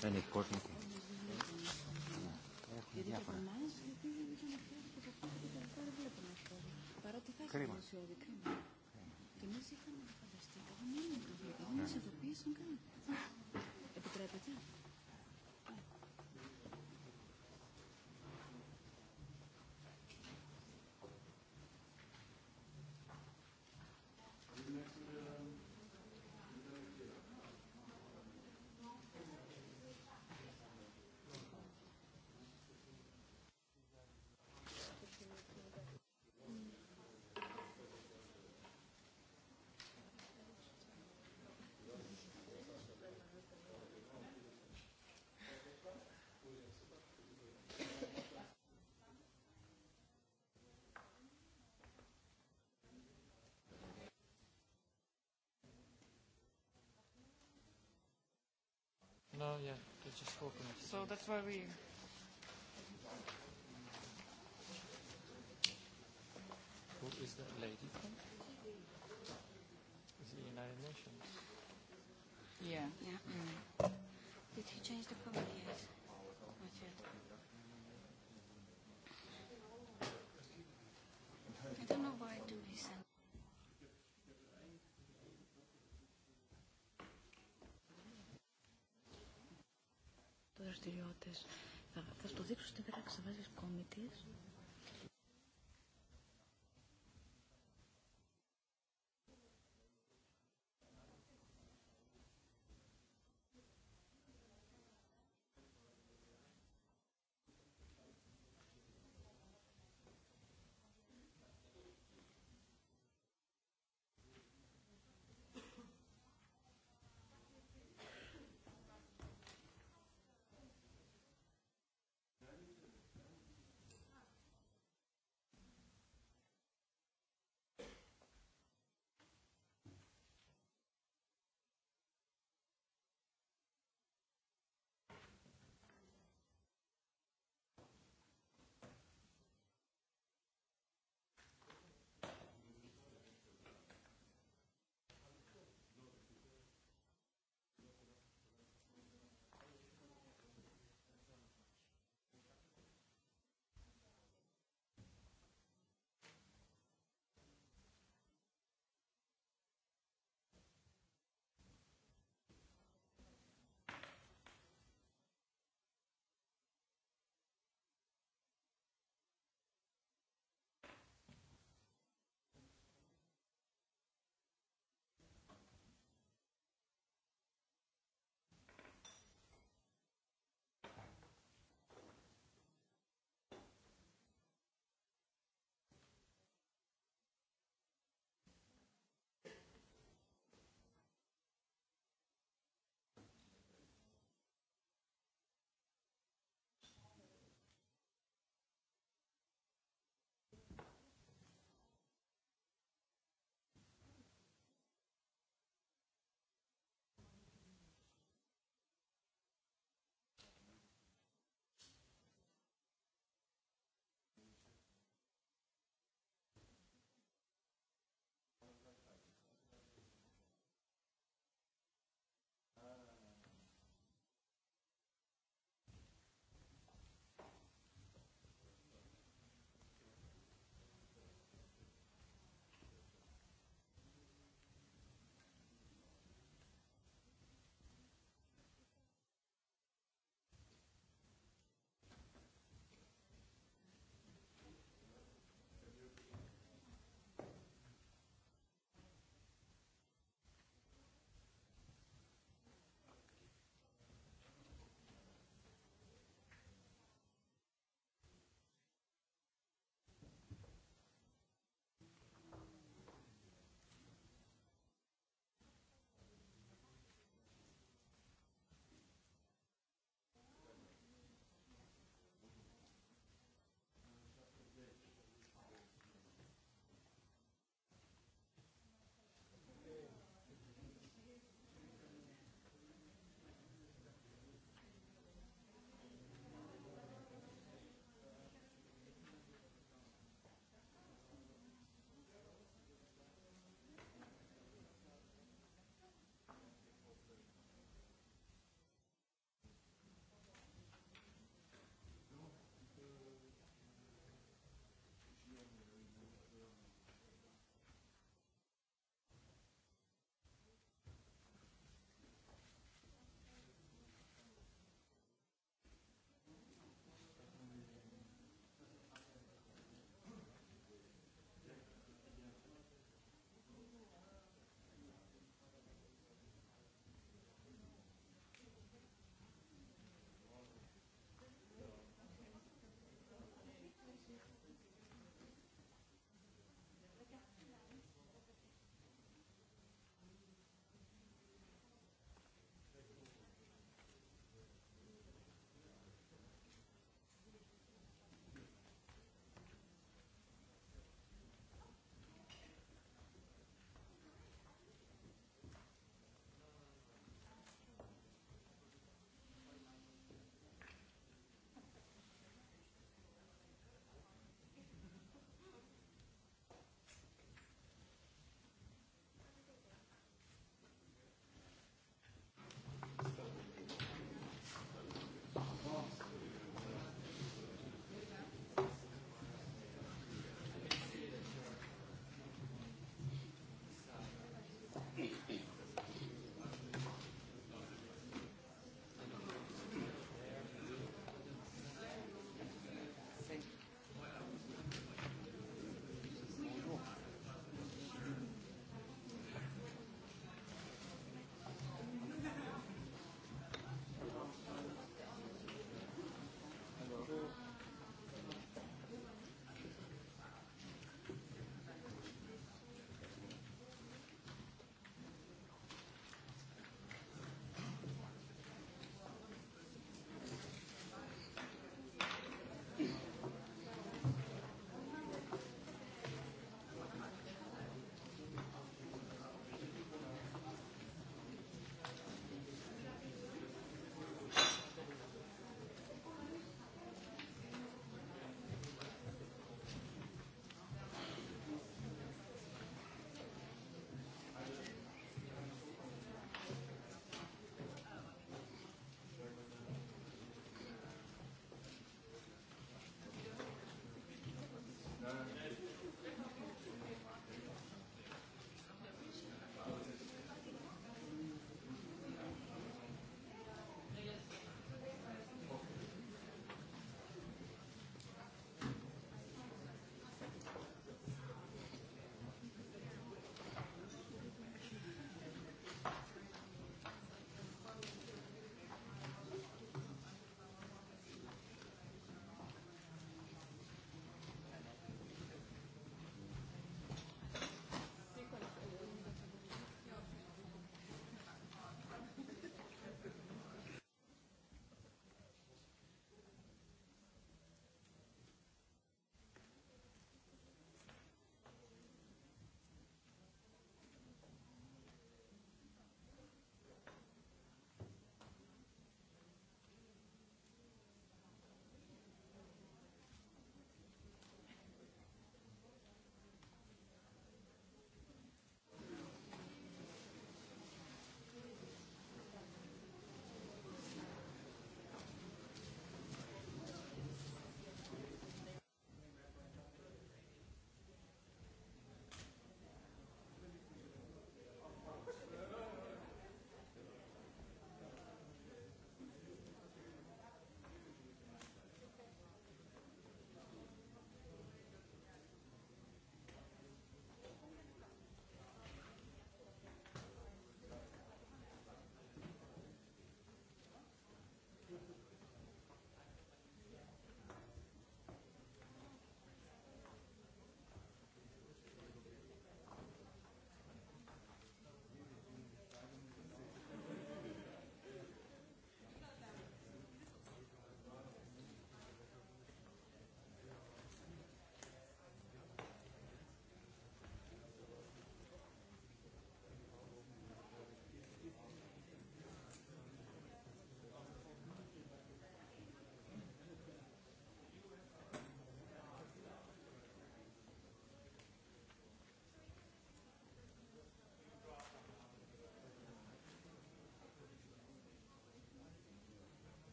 Δεν έχει κόσμο. Έχουν διάφορα. Παρότι θα είχαμε αισιόδη, κρίμα. Και εμείς είχαμε φανταστεί, δεν είναι προβλήμα, δεν μας ειδοποίησαν καν. Επιτρέπετε. which is So that's why we... Who is that lady from? Is it the United Nations? Yeah. Yeah. Mm. Did he change the cover yet? Not yet. I don't know why do we send δραστηριότητες. Θα, θα στο δείξω στην πράξη, θα βάζεις κόμιτες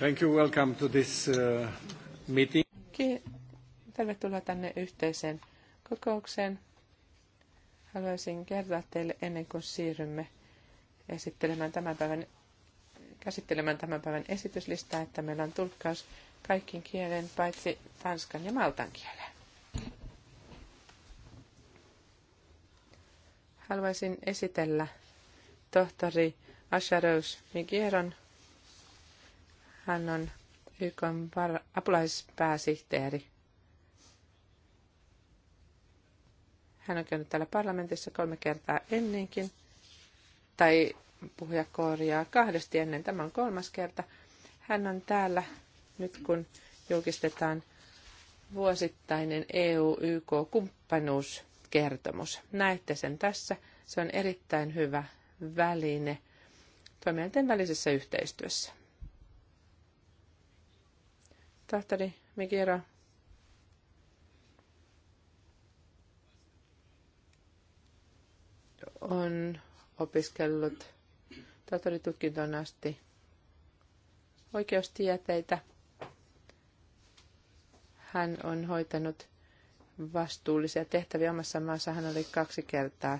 Thank you. Welcome to this uh, meeting. Tervetuloa tänne yhteiseen kokoukseen. Haluaisin kertoa teille ennen kuin siirrymme esittelemään tämän päivän, käsittelemään tämän päivän esityslistaa, että meillä on tulkkaus kaikkiin kielen paitsi tanskan ja maltan kieleen. Haluaisin esitellä tohtori Asharos Migieron hän on YK apulaispääsihteeri. Hän on käynyt täällä parlamentissa kolme kertaa ennenkin, tai puhuja korjaa kahdesti ennen. Tämä on kolmas kerta. Hän on täällä nyt, kun julkistetaan vuosittainen EU-YK-kumppanuuskertomus. Näette sen tässä. Se on erittäin hyvä väline toimijoiden välisessä yhteistyössä. Tahtari Mikira. on opiskellut tohtoritutkintoon asti oikeustieteitä. Hän on hoitanut vastuullisia tehtäviä omassa maassa. Hän oli kaksi kertaa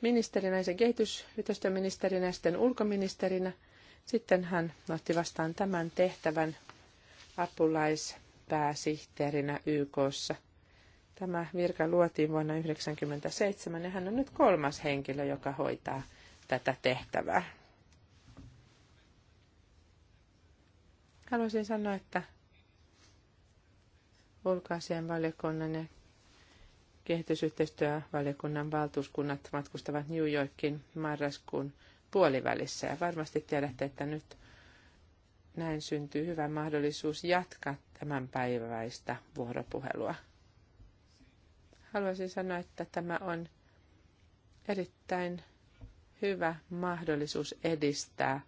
ministerinä, ensin kehitysyhteistyöministerinä ja sitten ulkoministerinä. Sitten hän otti vastaan tämän tehtävän apulaispääsihteerinä YKssa. Tämä virka luotiin vuonna 1997 ja hän on nyt kolmas henkilö, joka hoitaa tätä tehtävää. Haluaisin sanoa, että ulkoasianvaliokunnan valiokunnan ja kehitysyhteistyövaliokunnan valtuuskunnat matkustavat New Yorkin marraskuun puolivälissä. Ja varmasti tiedätte, että nyt näin syntyy hyvä mahdollisuus jatkaa tämän päiväistä vuoropuhelua. Haluaisin sanoa, että tämä on erittäin hyvä mahdollisuus edistää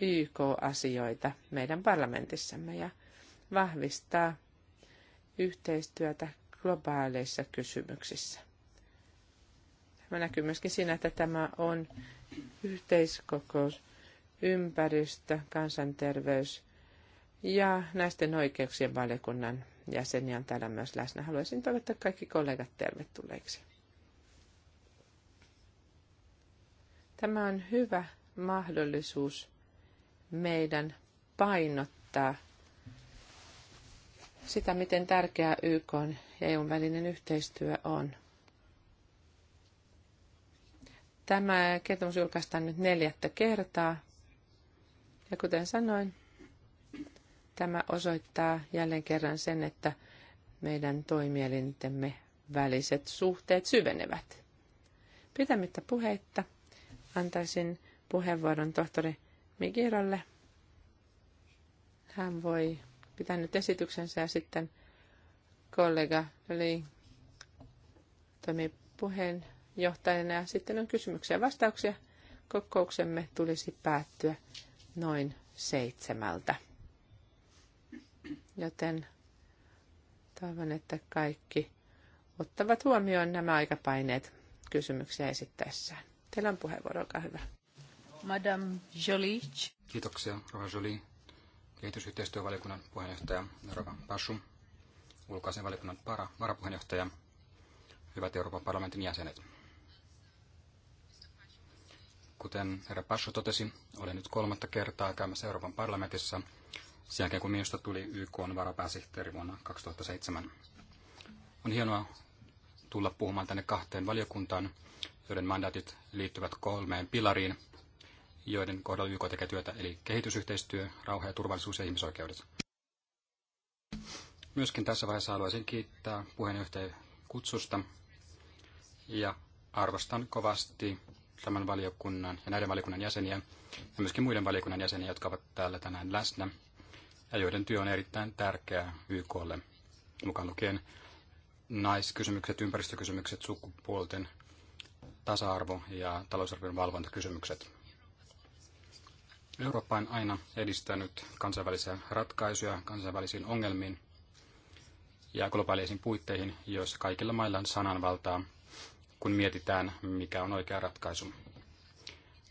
YK-asioita meidän parlamentissamme ja vahvistaa yhteistyötä globaaleissa kysymyksissä. Tämä näkyy myöskin siinä, että tämä on yhteiskokous ympäristö, kansanterveys ja naisten oikeuksien valiokunnan jäseniä on täällä myös läsnä. Haluaisin toivottaa kaikki kollegat tervetulleiksi. Tämä on hyvä mahdollisuus meidän painottaa sitä, miten tärkeää YK ja EUn välinen yhteistyö on. Tämä kertomus julkaistaan nyt neljättä kertaa. Ja kuten sanoin, tämä osoittaa jälleen kerran sen, että meidän toimielintemme väliset suhteet syvenevät. Pitämättä puheitta antaisin puheenvuoron tohtori Migirolle. Hän voi pitää nyt esityksensä ja sitten kollega Li toimii puheenjohtajana ja sitten on kysymyksiä ja vastauksia. Kokouksemme tulisi päättyä noin seitsemältä. Joten toivon, että kaikki ottavat huomioon nämä aikapaineet kysymyksiä esittäessään. Teillä on puheenvuoro, olkaa hyvä. Madame Jolie. Kiitoksia, Rova Jolie. Kehitysyhteistyövaliokunnan puheenjohtaja Rova Pashu, Ulkoasianvaliokunnan para, varapuheenjohtaja, hyvät Euroopan parlamentin jäsenet. Kuten herra Pasho totesi, olen nyt kolmatta kertaa käymässä Euroopan parlamentissa sen jälkeen, kun minusta tuli YK varapääsihteeri vuonna 2007. On hienoa tulla puhumaan tänne kahteen valiokuntaan, joiden mandaatit liittyvät kolmeen pilariin, joiden kohdalla YK tekee työtä, eli kehitysyhteistyö, rauha ja turvallisuus ja ihmisoikeudet. Myöskin tässä vaiheessa haluaisin kiittää puheenjohtajan kutsusta ja arvostan kovasti tämän valiokunnan ja näiden valiokunnan jäseniä ja myöskin muiden valiokunnan jäseniä, jotka ovat täällä tänään läsnä ja joiden työ on erittäin tärkeää YKlle, mukaan lukien naiskysymykset, ympäristökysymykset, sukupuolten tasa-arvo ja talousarvion valvontakysymykset. Eurooppa on aina edistänyt kansainvälisiä ratkaisuja kansainvälisiin ongelmiin ja globaaleisiin puitteihin, joissa kaikilla mailla on sananvaltaa kun mietitään, mikä on oikea ratkaisu.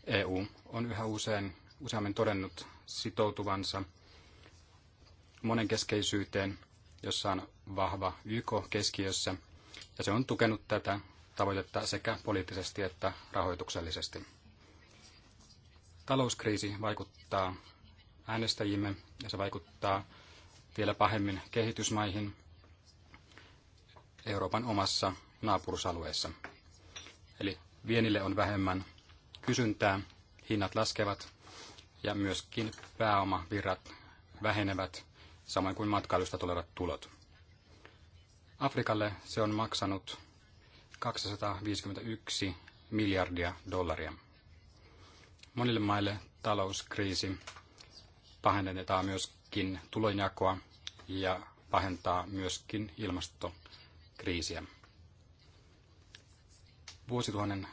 EU on yhä usein, useammin todennut sitoutuvansa monenkeskeisyyteen, jossa on vahva YK keskiössä, ja se on tukenut tätä tavoitetta sekä poliittisesti että rahoituksellisesti. Talouskriisi vaikuttaa äänestäjimme ja se vaikuttaa vielä pahemmin kehitysmaihin Euroopan omassa naapurusalueessa. Eli vienille on vähemmän kysyntää, hinnat laskevat ja myöskin pääomavirrat vähenevät, samoin kuin matkailusta tulevat tulot. Afrikalle se on maksanut 251 miljardia dollaria. Monille maille talouskriisi pahennetaan myöskin tulonjakoa ja pahentaa myöskin ilmastokriisiä vuosituhannen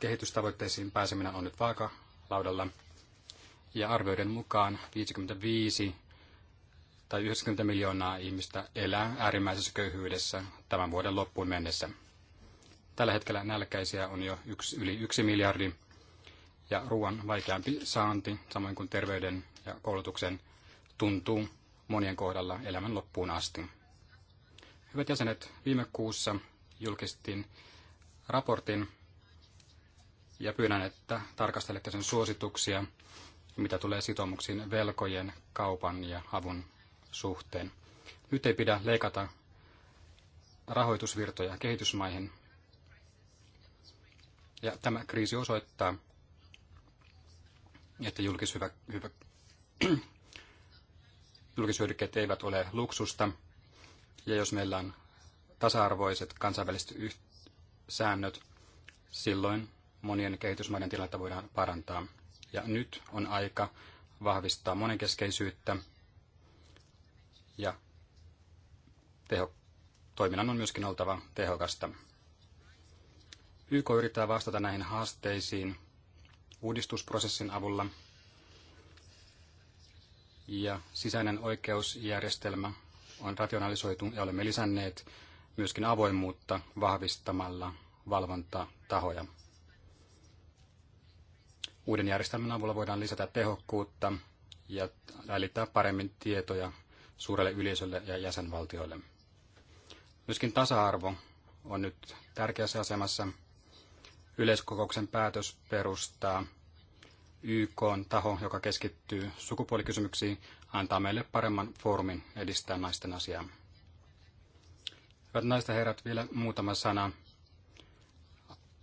kehitystavoitteisiin pääseminen on nyt vaakalaudalla. Ja arvioiden mukaan 55 tai 90 miljoonaa ihmistä elää äärimmäisessä köyhyydessä tämän vuoden loppuun mennessä. Tällä hetkellä nälkäisiä on jo yksi, yli yksi miljardi, ja ruoan vaikeampi saanti, samoin kuin terveyden ja koulutuksen, tuntuu monien kohdalla elämän loppuun asti. Hyvät jäsenet, viime kuussa julkistin raportin ja pyydän, että tarkastelette sen suosituksia, mitä tulee sitoumuksiin velkojen, kaupan ja avun suhteen. Nyt ei pidä leikata rahoitusvirtoja kehitysmaihin. Ja tämä kriisi osoittaa, että julkishyvä, hyvä, julkishyödykkeet eivät ole luksusta. Ja jos meillä on tasa-arvoiset kansainväliset säännöt, silloin monien kehitysmaiden tilannetta voidaan parantaa. Ja nyt on aika vahvistaa monenkeskeisyyttä ja teho, toiminnan on myöskin oltava tehokasta. YK yrittää vastata näihin haasteisiin uudistusprosessin avulla ja sisäinen oikeusjärjestelmä on rationalisoitu ja olemme lisänneet myöskin avoimuutta vahvistamalla valvontatahoja. Uuden järjestelmän avulla voidaan lisätä tehokkuutta ja välittää paremmin tietoja suurelle yleisölle ja jäsenvaltioille. Myöskin tasa-arvo on nyt tärkeässä asemassa. Yleiskokouksen päätös perustaa YK on taho, joka keskittyy sukupuolikysymyksiin, antaa meille paremman foorumin edistää naisten asiaa. Hyvät naiset ja herrat, vielä muutama sana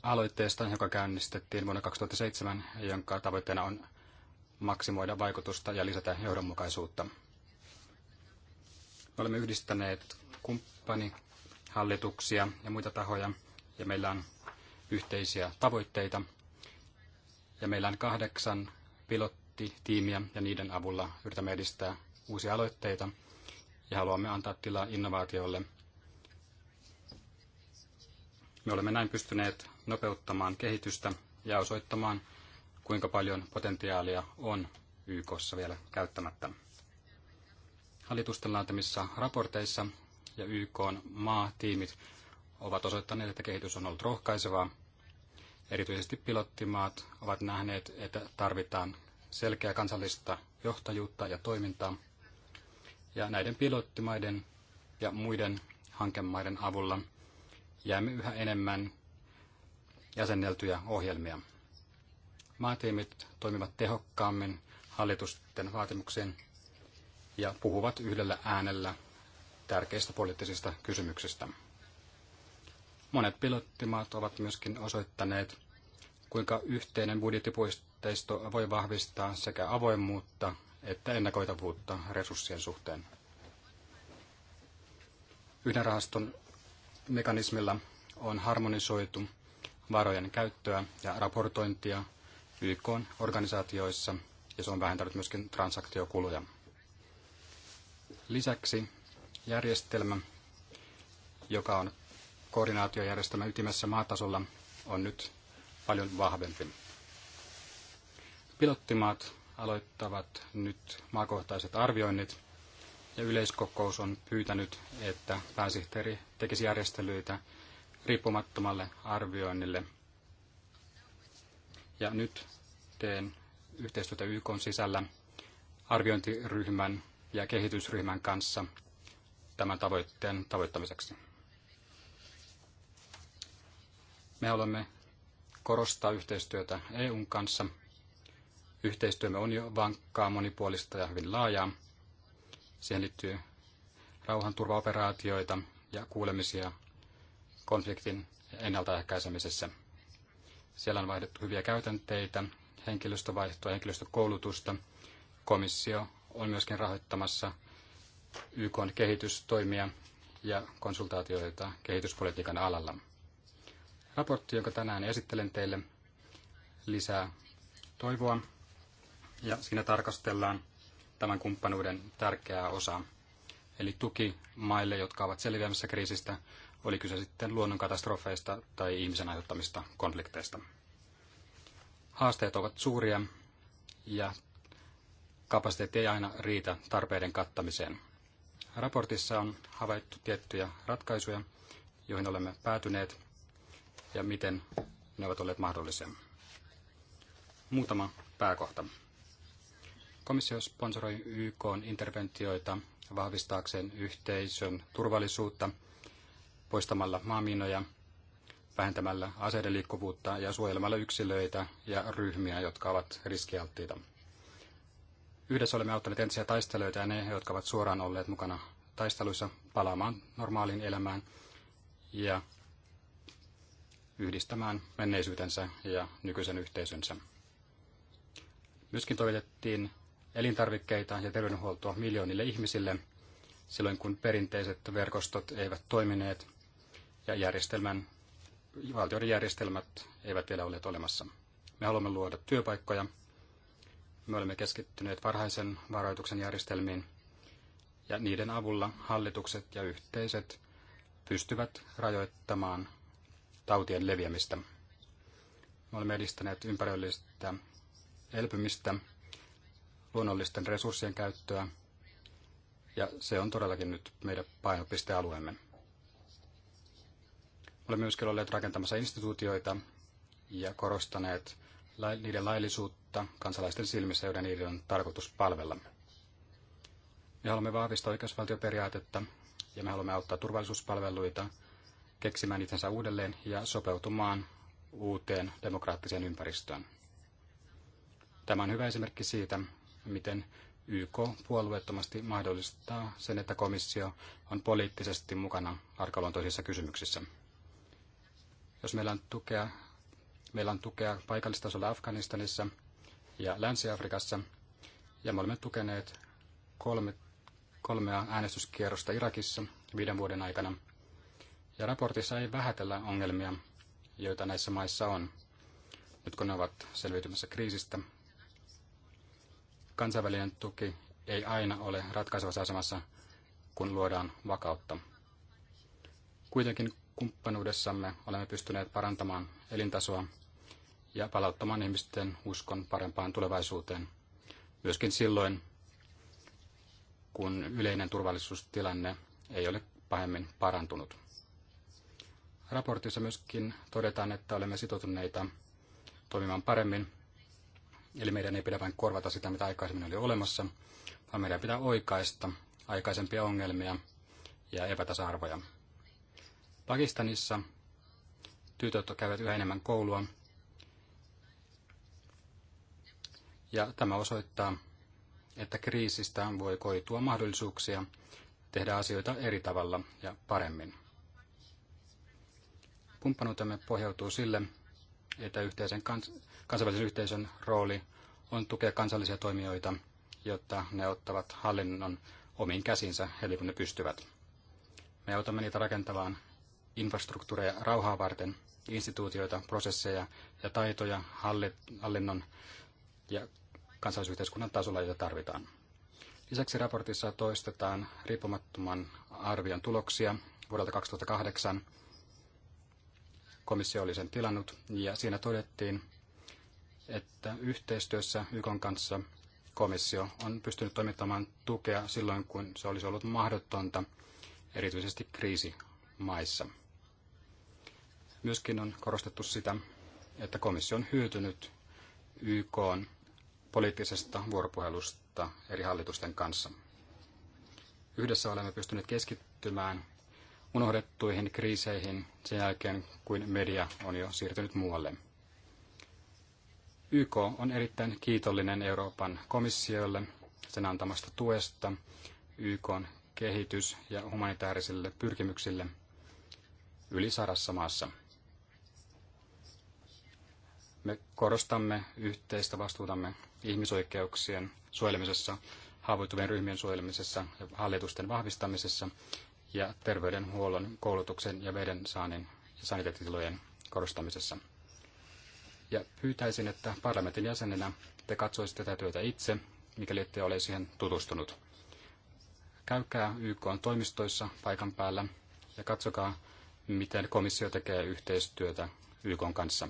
aloitteesta, joka käynnistettiin vuonna 2007, jonka tavoitteena on maksimoida vaikutusta ja lisätä johdonmukaisuutta. Me olemme yhdistäneet kumppanihallituksia ja muita tahoja, ja meillä on yhteisiä tavoitteita. Ja meillä on kahdeksan pilottitiimiä, ja niiden avulla yritämme edistää uusia aloitteita, ja haluamme antaa tilaa innovaatioille – me olemme näin pystyneet nopeuttamaan kehitystä ja osoittamaan, kuinka paljon potentiaalia on YKssa vielä käyttämättä. Hallitusten laatimissa raporteissa ja YK maatiimit ovat osoittaneet, että kehitys on ollut rohkaisevaa. Erityisesti pilottimaat ovat nähneet, että tarvitaan selkeää kansallista johtajuutta ja toimintaa. Ja näiden pilottimaiden ja muiden hankemaiden avulla – jäämme yhä enemmän jäsenneltyjä ohjelmia. Maatiimit toimivat tehokkaammin hallitusten vaatimuksiin ja puhuvat yhdellä äänellä tärkeistä poliittisista kysymyksistä. Monet pilottimaat ovat myöskin osoittaneet, kuinka yhteinen budjettipuisteisto voi vahvistaa sekä avoimuutta että ennakoitavuutta resurssien suhteen. Yhden rahaston mekanismilla on harmonisoitu varojen käyttöä ja raportointia YK-organisaatioissa, ja se on vähentänyt myöskin transaktiokuluja. Lisäksi järjestelmä, joka on koordinaatiojärjestelmä ytimessä maatasolla, on nyt paljon vahvempi. Pilottimaat aloittavat nyt maakohtaiset arvioinnit ja yleiskokous on pyytänyt, että pääsihteeri tekisi järjestelyitä riippumattomalle arvioinnille. Ja nyt teen yhteistyötä YK sisällä arviointiryhmän ja kehitysryhmän kanssa tämän tavoitteen tavoittamiseksi. Me haluamme korostaa yhteistyötä EUn kanssa. Yhteistyömme on jo vankkaa, monipuolista ja hyvin laajaa. Siihen liittyy rauhanturvaoperaatioita ja kuulemisia konfliktin ennaltaehkäisemisessä. Siellä on vaihdettu hyviä käytänteitä, henkilöstövaihtoa, henkilöstökoulutusta. Komissio on myöskin rahoittamassa YK kehitystoimia ja konsultaatioita kehityspolitiikan alalla. Raportti, jonka tänään esittelen teille, lisää toivoa ja siinä tarkastellaan tämän kumppanuuden tärkeää osaa. Eli tuki maille, jotka ovat selviämässä kriisistä, oli kyse sitten luonnonkatastrofeista tai ihmisen aiheuttamista konflikteista. Haasteet ovat suuria ja kapasiteetti ei aina riitä tarpeiden kattamiseen. Raportissa on havaittu tiettyjä ratkaisuja, joihin olemme päätyneet ja miten ne ovat olleet mahdollisia. Muutama pääkohta. Komissio sponsoroi YK interventioita vahvistaakseen yhteisön turvallisuutta poistamalla maamiinoja, vähentämällä aseiden liikkuvuutta ja suojelemalla yksilöitä ja ryhmiä, jotka ovat riskialttiita. Yhdessä olemme auttaneet entisiä taistelijoita ja ne, jotka ovat suoraan olleet mukana taisteluissa palaamaan normaaliin elämään ja yhdistämään menneisyytensä ja nykyisen yhteisönsä. Myöskin toimitettiin elintarvikkeita ja terveydenhuoltoa miljoonille ihmisille silloin, kun perinteiset verkostot eivät toimineet ja järjestelmän, valtioiden järjestelmät eivät vielä olleet olemassa. Me haluamme luoda työpaikkoja. Me olemme keskittyneet varhaisen varoituksen järjestelmiin ja niiden avulla hallitukset ja yhteiset pystyvät rajoittamaan tautien leviämistä. Me olemme edistäneet ympäröllistä elpymistä luonnollisten resurssien käyttöä, ja se on todellakin nyt meidän painopistealueemme. Olemme myöskin olleet rakentamassa instituutioita ja korostaneet niiden laillisuutta kansalaisten silmissä, joiden niiden on tarkoitus palvella. Me haluamme vahvistaa oikeusvaltioperiaatetta ja me haluamme auttaa turvallisuuspalveluita keksimään itsensä uudelleen ja sopeutumaan uuteen demokraattiseen ympäristöön. Tämä on hyvä esimerkki siitä, miten YK puolueettomasti mahdollistaa sen, että komissio on poliittisesti mukana arkaluontoisissa kysymyksissä. Jos meillä on tukea, meillä on tukea paikallistasolla Afganistanissa ja Länsi-Afrikassa, ja me olemme tukeneet kolme, kolmea äänestyskierrosta Irakissa viiden vuoden aikana. Ja raportissa ei vähätellä ongelmia, joita näissä maissa on, nyt kun ne ovat selviytymässä kriisistä kansainvälinen tuki ei aina ole ratkaisevassa asemassa, kun luodaan vakautta. Kuitenkin kumppanuudessamme olemme pystyneet parantamaan elintasoa ja palauttamaan ihmisten uskon parempaan tulevaisuuteen, myöskin silloin, kun yleinen turvallisuustilanne ei ole pahemmin parantunut. Raportissa myöskin todetaan, että olemme sitoutuneita toimimaan paremmin Eli meidän ei pidä vain korvata sitä, mitä aikaisemmin oli olemassa, vaan meidän pitää oikaista aikaisempia ongelmia ja epätasa-arvoja. Pakistanissa tytöt käyvät yhä enemmän koulua, ja tämä osoittaa, että kriisistä voi koitua mahdollisuuksia tehdä asioita eri tavalla ja paremmin. Kumppanuutemme pohjautuu sille, että yhteisen kans- kansainvälisen yhteisön rooli on tukea kansallisia toimijoita, jotta ne ottavat hallinnon omiin käsinsä, eli kun ne pystyvät. Me autamme niitä rakentamaan infrastruktuureja rauhaa varten, instituutioita, prosesseja ja taitoja hallinnon ja kansallisyhteiskunnan tasolla, joita tarvitaan. Lisäksi raportissa toistetaan riippumattoman arvion tuloksia vuodelta 2008. Komissio oli sen tilannut ja siinä todettiin, että yhteistyössä YKn kanssa komissio on pystynyt toimittamaan tukea silloin, kun se olisi ollut mahdotonta, erityisesti kriisimaissa. Myöskin on korostettu sitä, että komissio on hyötynyt YK on poliittisesta vuoropuhelusta eri hallitusten kanssa. Yhdessä olemme pystyneet keskittymään unohdettuihin kriiseihin sen jälkeen, kuin media on jo siirtynyt muualle. YK on erittäin kiitollinen Euroopan komissiolle sen antamasta tuesta YK on kehitys- ja humanitaarisille pyrkimyksille yli sadassa maassa. Me korostamme yhteistä vastuutamme ihmisoikeuksien suojelemisessa, haavoittuvien ryhmien suojelemisessa ja hallitusten vahvistamisessa ja terveydenhuollon, koulutuksen ja veden saannin ja saniteettitilojen korostamisessa. Ja pyytäisin, että parlamentin jäsenenä te katsoisitte tätä työtä itse, mikäli ette ole siihen tutustunut. Käykää YK toimistoissa paikan päällä ja katsokaa, miten komissio tekee yhteistyötä YK kanssa.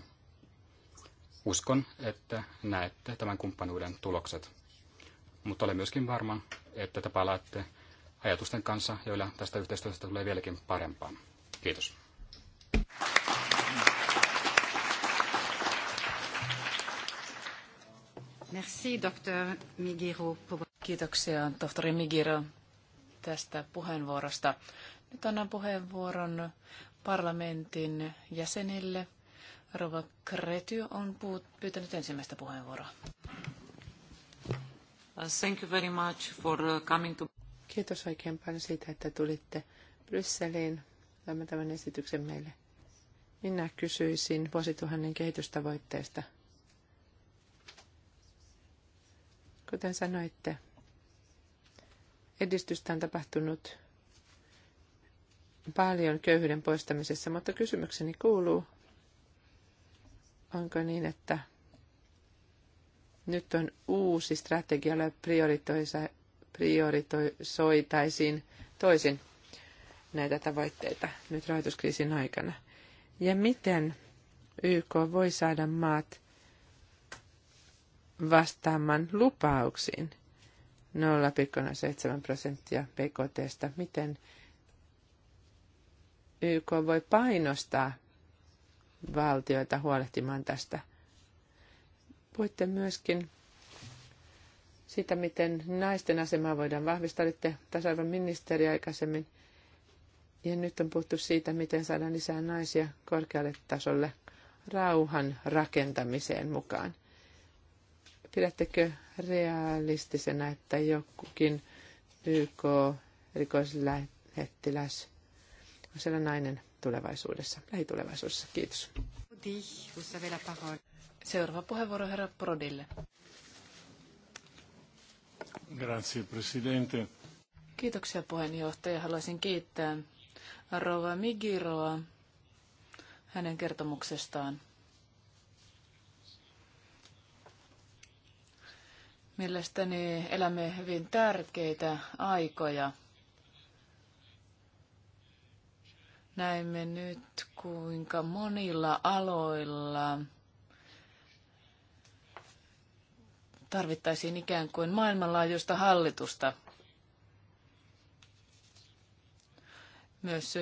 Uskon, että näette tämän kumppanuuden tulokset. Mutta olen myöskin varma, että te palaatte ajatusten kanssa, joilla tästä yhteistyöstä tulee vieläkin parempaa. Kiitos. Merci, Dr. Migiro. Kiitoksia, tohtori Migiro, tästä puheenvuorosta. Nyt annan puheenvuoron parlamentin jäsenille. Rova Krety on pyytänyt ensimmäistä puheenvuoroa. Uh, thank you very much for uh, coming to... Kiitos oikein paljon siitä, että tulitte Brysseliin tämän esityksen meille. Minä kysyisin vuosituhannen kehitystavoitteista – Kuten sanoitte, edistystä on tapahtunut paljon köyhyyden poistamisessa, mutta kysymykseni kuuluu, onko niin, että nyt on uusi strategia, jolla prioritoisoitaisiin toisin näitä tavoitteita nyt rahoituskriisin aikana. Ja miten YK voi saada maat vastaamaan lupauksiin 0,7 prosenttia BKTstä. Miten YK voi painostaa valtioita huolehtimaan tästä? Puhuitte myöskin sitä, miten naisten asemaa voidaan vahvistaa. Olitte tasa-arvon ministeri aikaisemmin. Ja nyt on puhuttu siitä, miten saadaan lisää naisia korkealle tasolle rauhan rakentamiseen mukaan. Pidättekö realistisena, että jokukin YK rikoslähettiläs on siellä nainen tulevaisuudessa, lähitulevaisuudessa? Kiitos. Seuraava puheenvuoro herra Prodille. Grazie, Presidente. Kiitoksia puheenjohtaja. Haluaisin kiittää Rova Migiroa hänen kertomuksestaan. Mielestäni elämme hyvin tärkeitä aikoja. Näemme nyt, kuinka monilla aloilla tarvittaisiin ikään kuin maailmanlaajuista hallitusta. Myös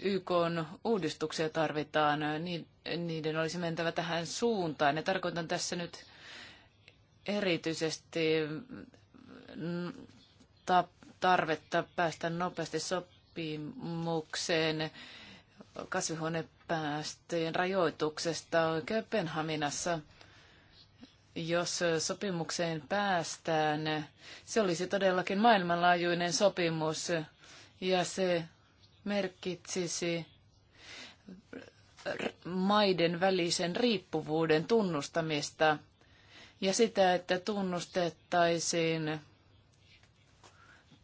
YK uudistuksia tarvitaan, niin niiden olisi mentävä tähän suuntaan. Ja tarkoitan tässä nyt erityisesti tarvetta päästä nopeasti sopimukseen kasvihuonepäästöjen rajoituksesta Kööpenhaminassa. Jos sopimukseen päästään, se olisi todellakin maailmanlaajuinen sopimus ja se merkitsisi maiden välisen riippuvuuden tunnustamista ja sitä, että tunnustettaisiin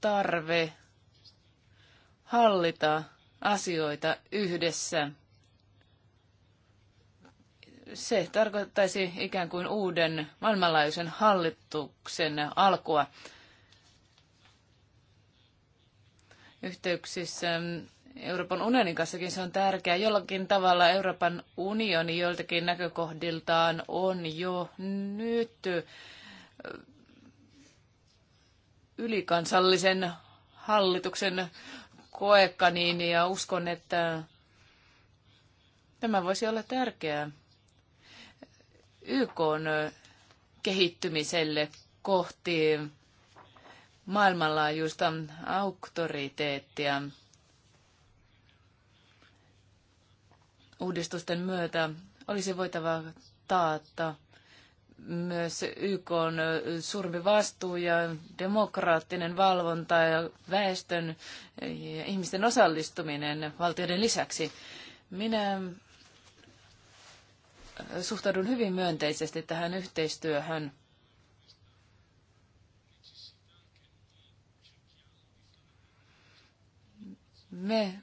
tarve hallita asioita yhdessä. Se tarkoittaisi ikään kuin uuden maailmanlaajuisen hallituksen alkua. Yhteyksissä Euroopan unionin kanssakin se on tärkeää. Jollakin tavalla Euroopan unioni joiltakin näkökohdiltaan on jo nyt ylikansallisen hallituksen koekaniin ja uskon, että tämä voisi olla tärkeää YK kehittymiselle kohti maailmanlaajuista auktoriteettia. uudistusten myötä olisi voitava taata myös YK on suurempi vastuu ja demokraattinen valvonta ja väestön ja ihmisten osallistuminen valtioiden lisäksi. Minä suhtaudun hyvin myönteisesti tähän yhteistyöhön. Me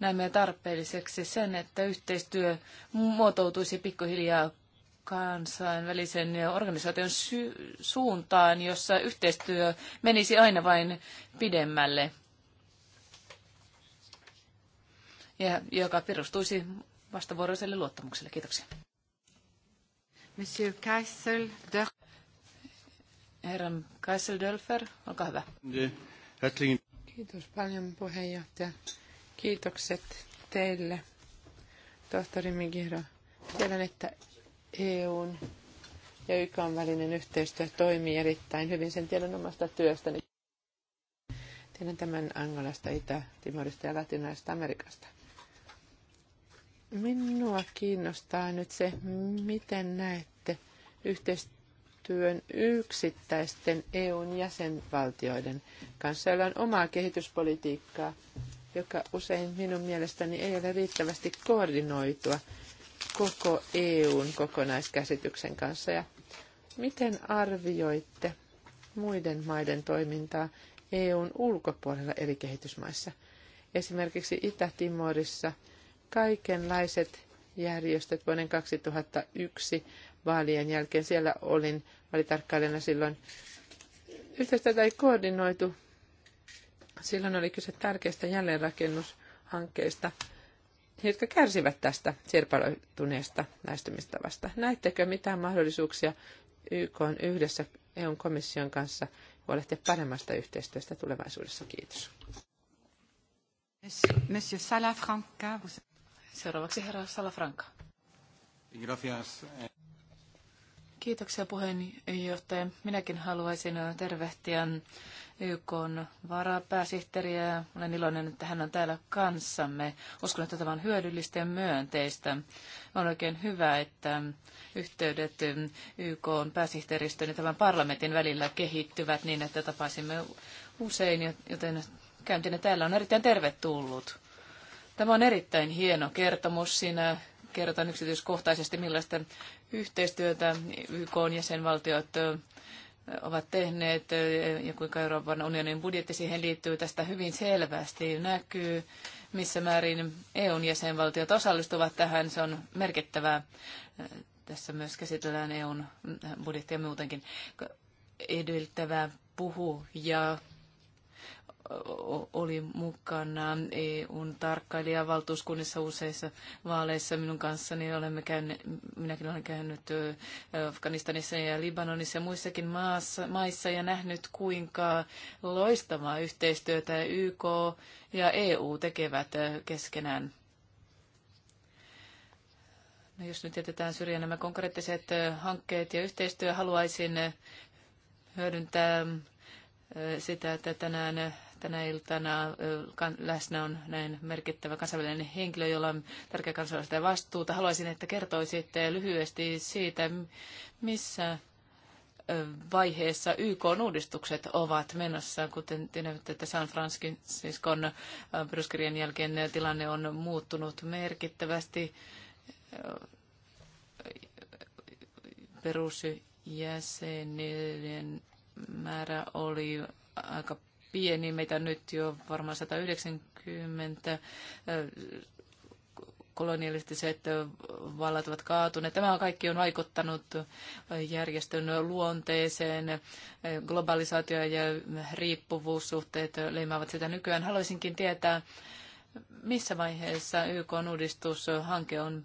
näemme tarpeelliseksi sen, että yhteistyö muotoutuisi pikkuhiljaa kansainvälisen organisaation sy- suuntaan, jossa yhteistyö menisi aina vain pidemmälle ja joka perustuisi vastavuoroiselle luottamukselle. Kiitoksia. Monsieur Kaisel, Herra Kaisel Dölfer, olkaa hyvä. Kiitos paljon puheenjohtaja. Kiitokset teille, tohtori Migiro. Tiedän, että EUn ja YKn välinen yhteistyö toimii erittäin hyvin. Sen tiedän omasta työstäni. Tiedän tämän Angolasta, Itä-Timorista ja Latinalaisesta Amerikasta. Minua kiinnostaa nyt se, miten näette yhteistyön yksittäisten EUn jäsenvaltioiden kanssa, joilla on omaa kehityspolitiikkaa joka usein minun mielestäni ei ole riittävästi koordinoitua koko EUn kokonaiskäsityksen kanssa. Ja miten arvioitte muiden maiden toimintaa EUn ulkopuolella eri kehitysmaissa? Esimerkiksi Itä-Timorissa kaikenlaiset järjestöt vuoden 2001 vaalien jälkeen. Siellä olin vaalitarkkailijana silloin. Yhteistyötä ei koordinoitu Silloin oli kyse tärkeistä jälleenrakennushankkeista, jotka kärsivät tästä sirpaloituneesta lähestymistavasta. Näettekö mitään mahdollisuuksia YK on yhdessä EUn komission kanssa huolehtia paremmasta yhteistyöstä tulevaisuudessa? Kiitos. Monsieur Salafranca. Seuraavaksi herra Salafranca. Gracias. Kiitoksia puheenjohtaja. Minäkin haluaisin tervehtiä YK varapääsihteeriä. Olen iloinen, että hän on täällä kanssamme. Uskon, että tämä on hyödyllistä ja myönteistä. On oikein hyvä, että yhteydet YK pääsihteeristön ja tämän parlamentin välillä kehittyvät niin, että tapaisimme usein, joten käyntinen täällä on erittäin tervetullut. Tämä on erittäin hieno kertomus. Siinä kerrotaan yksityiskohtaisesti, millaista yhteistyötä YK on jäsenvaltiot ovat tehneet ja kuinka Euroopan unionin budjetti siihen liittyy. Tästä hyvin selvästi näkyy, missä määrin EUn jäsenvaltiot osallistuvat tähän. Se on merkittävää. Tässä myös käsitellään EUn budjettia muutenkin. edeltävää puhu ja oli mukana EUn valtuuskunnissa useissa vaaleissa minun kanssani. Olemme käynyt, minäkin olen käynyt Afganistanissa ja Libanonissa ja muissakin maassa, maissa ja nähnyt, kuinka loistavaa yhteistyötä YK ja EU tekevät keskenään. No jos nyt jätetään syrjään nämä konkreettiset hankkeet ja yhteistyö, haluaisin hyödyntää sitä, että tänään Tänä iltana läsnä on näin merkittävä kansainvälinen henkilö, jolla on tärkeä kansalaisten vastuuta. Haluaisin, että kertoisitte lyhyesti siitä, missä vaiheessa YK-uudistukset ovat menossa. Kuten tiedätte, että San Franciscon peruskirjan jälkeen tilanne on muuttunut merkittävästi. Perusjäsenien määrä oli aika pieni. Meitä nyt jo varmaan 190 kolonialistiset vallat ovat kaatuneet. Tämä kaikki on vaikuttanut järjestön luonteeseen. Globalisaatio ja riippuvuussuhteet leimaavat sitä nykyään. Haluaisinkin tietää, missä vaiheessa YK uudistushanke on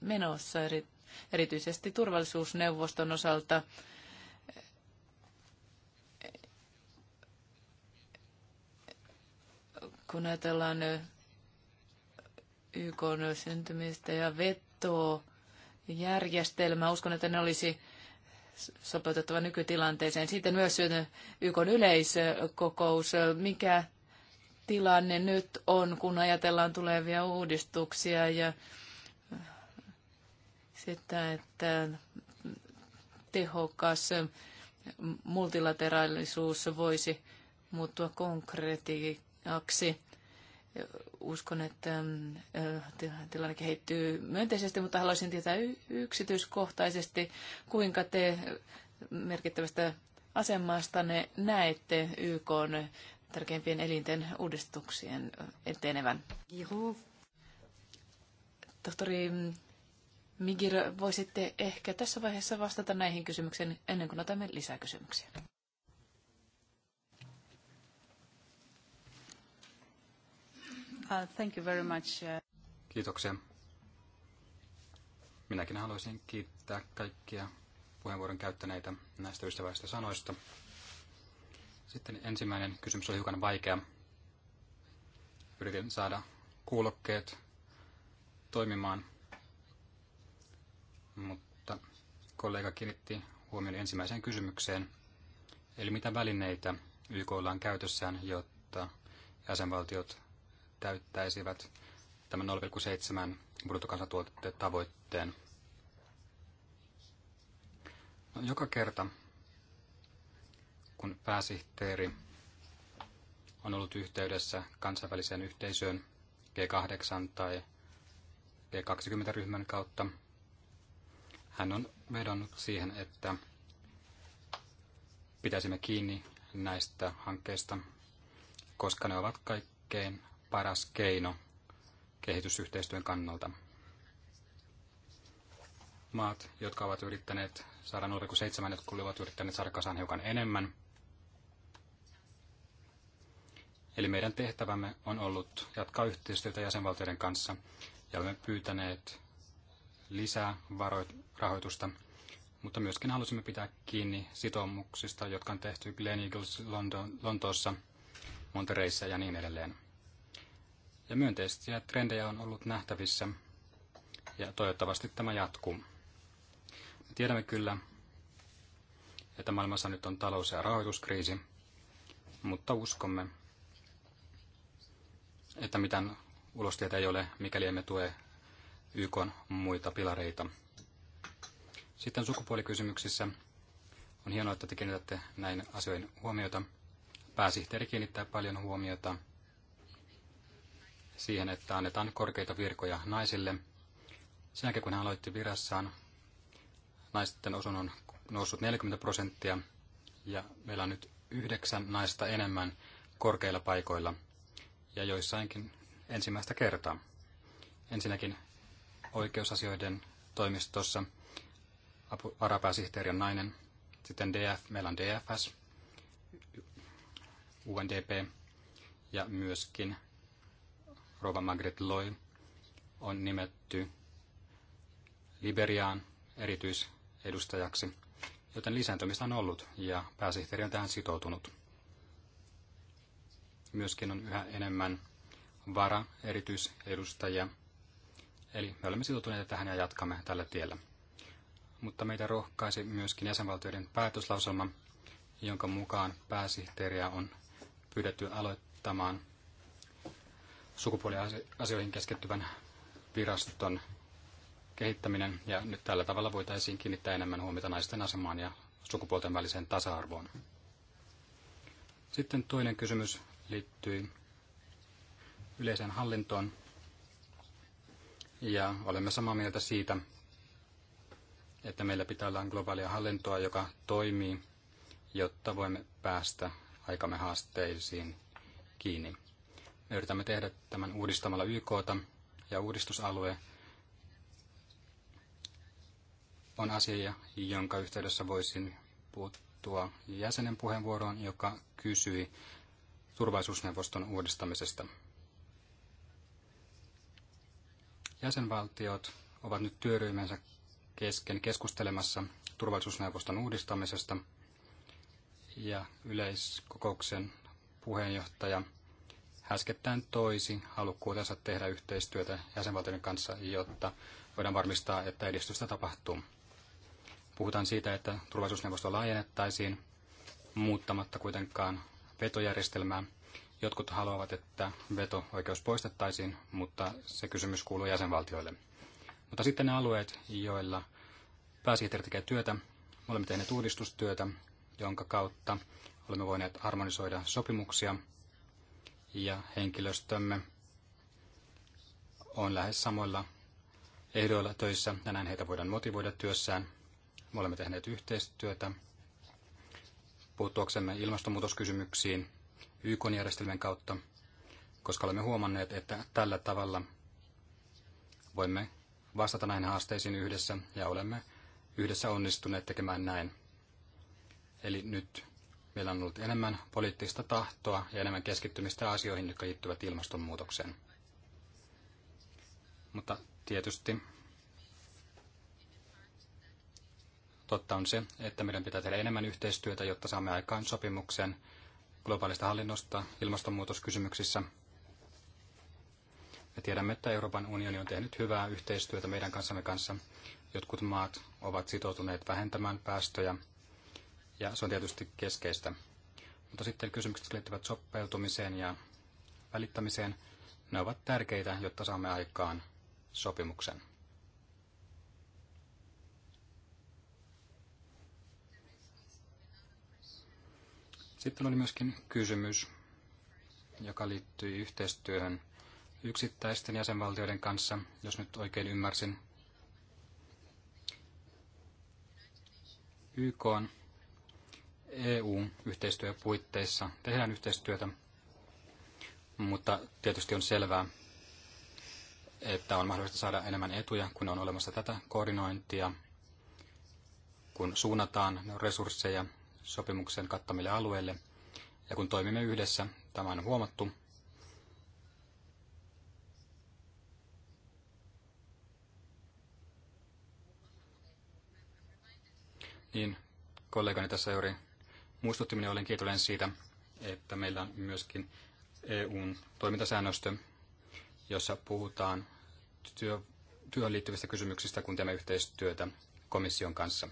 menossa erityisesti turvallisuusneuvoston osalta. kun ajatellaan YK syntymistä ja vetoa järjestelmä, uskon, että ne olisi sopeutettava nykytilanteeseen. Sitten myös YK yleiskokous, mikä tilanne nyt on, kun ajatellaan tulevia uudistuksia ja sitä, että tehokas multilateraalisuus voisi muuttua konkreti- aksi. Uskon, että ähm, äh, tilanne kehittyy myönteisesti, mutta haluaisin tietää yksityiskohtaisesti, kuinka te merkittävästä ne näette YK tärkeimpien elinten uudistuksien etenevän. Juhu. Tohtori Migir, voisitte ehkä tässä vaiheessa vastata näihin kysymyksiin ennen kuin otamme lisää kysymyksiä. Uh, thank you very much. Uh, Kiitoksia. Minäkin haluaisin kiittää kaikkia puheenvuoron käyttäneitä näistä ystävällisistä sanoista. Sitten ensimmäinen kysymys oli hiukan vaikea. Yritin saada kuulokkeet toimimaan, mutta kollega kiinnitti huomioon ensimmäiseen kysymykseen. Eli mitä välineitä YK on käytössään, jotta jäsenvaltiot täyttäisivät tämän 0,7 tavoitteen. No, joka kerta, kun pääsihteeri on ollut yhteydessä kansainväliseen yhteisöön G8 tai G20-ryhmän kautta, hän on vedonnut siihen, että pitäisimme kiinni näistä hankkeista, koska ne ovat kaikkein paras keino kehitysyhteistyön kannalta. Maat, jotka ovat yrittäneet saada 0,7, jotka olivat yrittäneet saada kasaan hiukan enemmän. Eli meidän tehtävämme on ollut jatkaa yhteistyötä jäsenvaltioiden kanssa ja olemme pyytäneet lisää varoit, rahoitusta, mutta myöskin halusimme pitää kiinni sitoumuksista, jotka on tehty Glen Eagles Lontoossa, Montereissa ja niin edelleen. Ja myönteisiä trendejä on ollut nähtävissä ja toivottavasti tämä jatkuu. Me tiedämme kyllä, että maailmassa nyt on talous- ja rahoituskriisi, mutta uskomme, että mitään ulostietä ei ole, mikäli emme tue YK muita pilareita. Sitten sukupuolikysymyksissä on hienoa, että te kiinnitätte näin asioihin huomiota. Pääsihteeri kiinnittää paljon huomiota siihen, että annetaan korkeita virkoja naisille. Sen jälkeen, kun hän aloitti virassaan, naisten osuus on noussut 40 prosenttia ja meillä on nyt yhdeksän naista enemmän korkeilla paikoilla ja joissainkin ensimmäistä kertaa. Ensinnäkin oikeusasioiden toimistossa varapääsihteeri on nainen, sitten DF, meillä on DFS, UNDP ja myöskin Rova Margaret Loy on nimetty Liberiaan erityisedustajaksi, joten lisääntymistä on ollut ja pääsihteeri on tähän sitoutunut. Myöskin on yhä enemmän vara erityisedustajia, eli me olemme sitoutuneet tähän ja jatkamme tällä tiellä. Mutta meitä rohkaisi myöskin jäsenvaltioiden päätöslauselma, jonka mukaan pääsihteeriä on pyydetty aloittamaan sukupuoliasioihin keskittyvän viraston kehittäminen, ja nyt tällä tavalla voitaisiin kiinnittää enemmän huomiota naisten asemaan ja sukupuolten väliseen tasa-arvoon. Sitten toinen kysymys liittyy yleiseen hallintoon, ja olemme samaa mieltä siitä, että meillä pitää olla globaalia hallintoa, joka toimii, jotta voimme päästä aikamme haasteisiin kiinni. Me yritämme tehdä tämän uudistamalla YKta ja uudistusalue on asia, jonka yhteydessä voisin puuttua jäsenen puheenvuoroon, joka kysyi turvallisuusneuvoston uudistamisesta. Jäsenvaltiot ovat nyt työryhmänsä kesken keskustelemassa turvallisuusneuvoston uudistamisesta ja yleiskokouksen puheenjohtaja – häskettäen toisi halukkuutensa tehdä yhteistyötä jäsenvaltioiden kanssa, jotta voidaan varmistaa, että edistystä tapahtuu. Puhutaan siitä, että turvallisuusneuvosto laajennettaisiin muuttamatta kuitenkaan vetojärjestelmää. Jotkut haluavat, että veto-oikeus poistettaisiin, mutta se kysymys kuuluu jäsenvaltioille. Mutta sitten ne alueet, joilla pääsihteeri tekee työtä, me olemme tehneet uudistustyötä, jonka kautta olemme voineet harmonisoida sopimuksia – ja henkilöstömme on lähes samoilla ehdoilla töissä ja näin heitä voidaan motivoida työssään. Me olemme tehneet yhteistyötä puuttuaksemme ilmastonmuutoskysymyksiin YK-järjestelmän kautta, koska olemme huomanneet, että tällä tavalla voimme vastata näihin haasteisiin yhdessä ja olemme yhdessä onnistuneet tekemään näin. Eli nyt meillä on ollut enemmän poliittista tahtoa ja enemmän keskittymistä asioihin, jotka liittyvät ilmastonmuutokseen. Mutta tietysti totta on se, että meidän pitää tehdä enemmän yhteistyötä, jotta saamme aikaan sopimuksen globaalista hallinnosta ilmastonmuutoskysymyksissä. Me tiedämme, että Euroopan unioni on tehnyt hyvää yhteistyötä meidän kanssamme kanssa. Jotkut maat ovat sitoutuneet vähentämään päästöjä ja se on tietysti keskeistä. Mutta sitten kysymykset liittyvät sopeutumiseen ja välittämiseen, ne ovat tärkeitä, jotta saamme aikaan sopimuksen. Sitten oli myöskin kysymys, joka liittyy yhteistyöhön yksittäisten jäsenvaltioiden kanssa, jos nyt oikein ymmärsin. YK on EU-yhteistyöpuitteissa tehdään yhteistyötä, mutta tietysti on selvää, että on mahdollista saada enemmän etuja, kun on olemassa tätä koordinointia, kun suunnataan resursseja sopimuksen kattamille alueille ja kun toimimme yhdessä, tämä on huomattu. Niin, kollegani tässä juuri muistutti minä olen kiitollinen siitä, että meillä on myöskin EUn toimintasäännöstö, jossa puhutaan työ, työhön liittyvistä kysymyksistä, kun teemme yhteistyötä komission kanssa.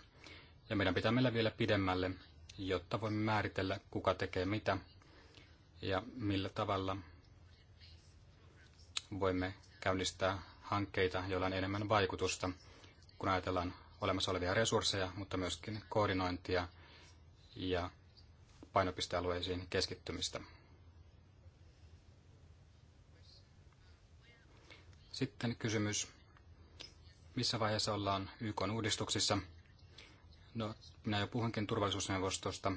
Ja meidän pitää meillä vielä pidemmälle, jotta voimme määritellä, kuka tekee mitä ja millä tavalla voimme käynnistää hankkeita, joilla on enemmän vaikutusta, kun ajatellaan olemassa olevia resursseja, mutta myöskin koordinointia ja painopistealueisiin keskittymistä. Sitten kysymys, missä vaiheessa ollaan YK uudistuksissa? No, minä jo puhunkin turvallisuusneuvostosta.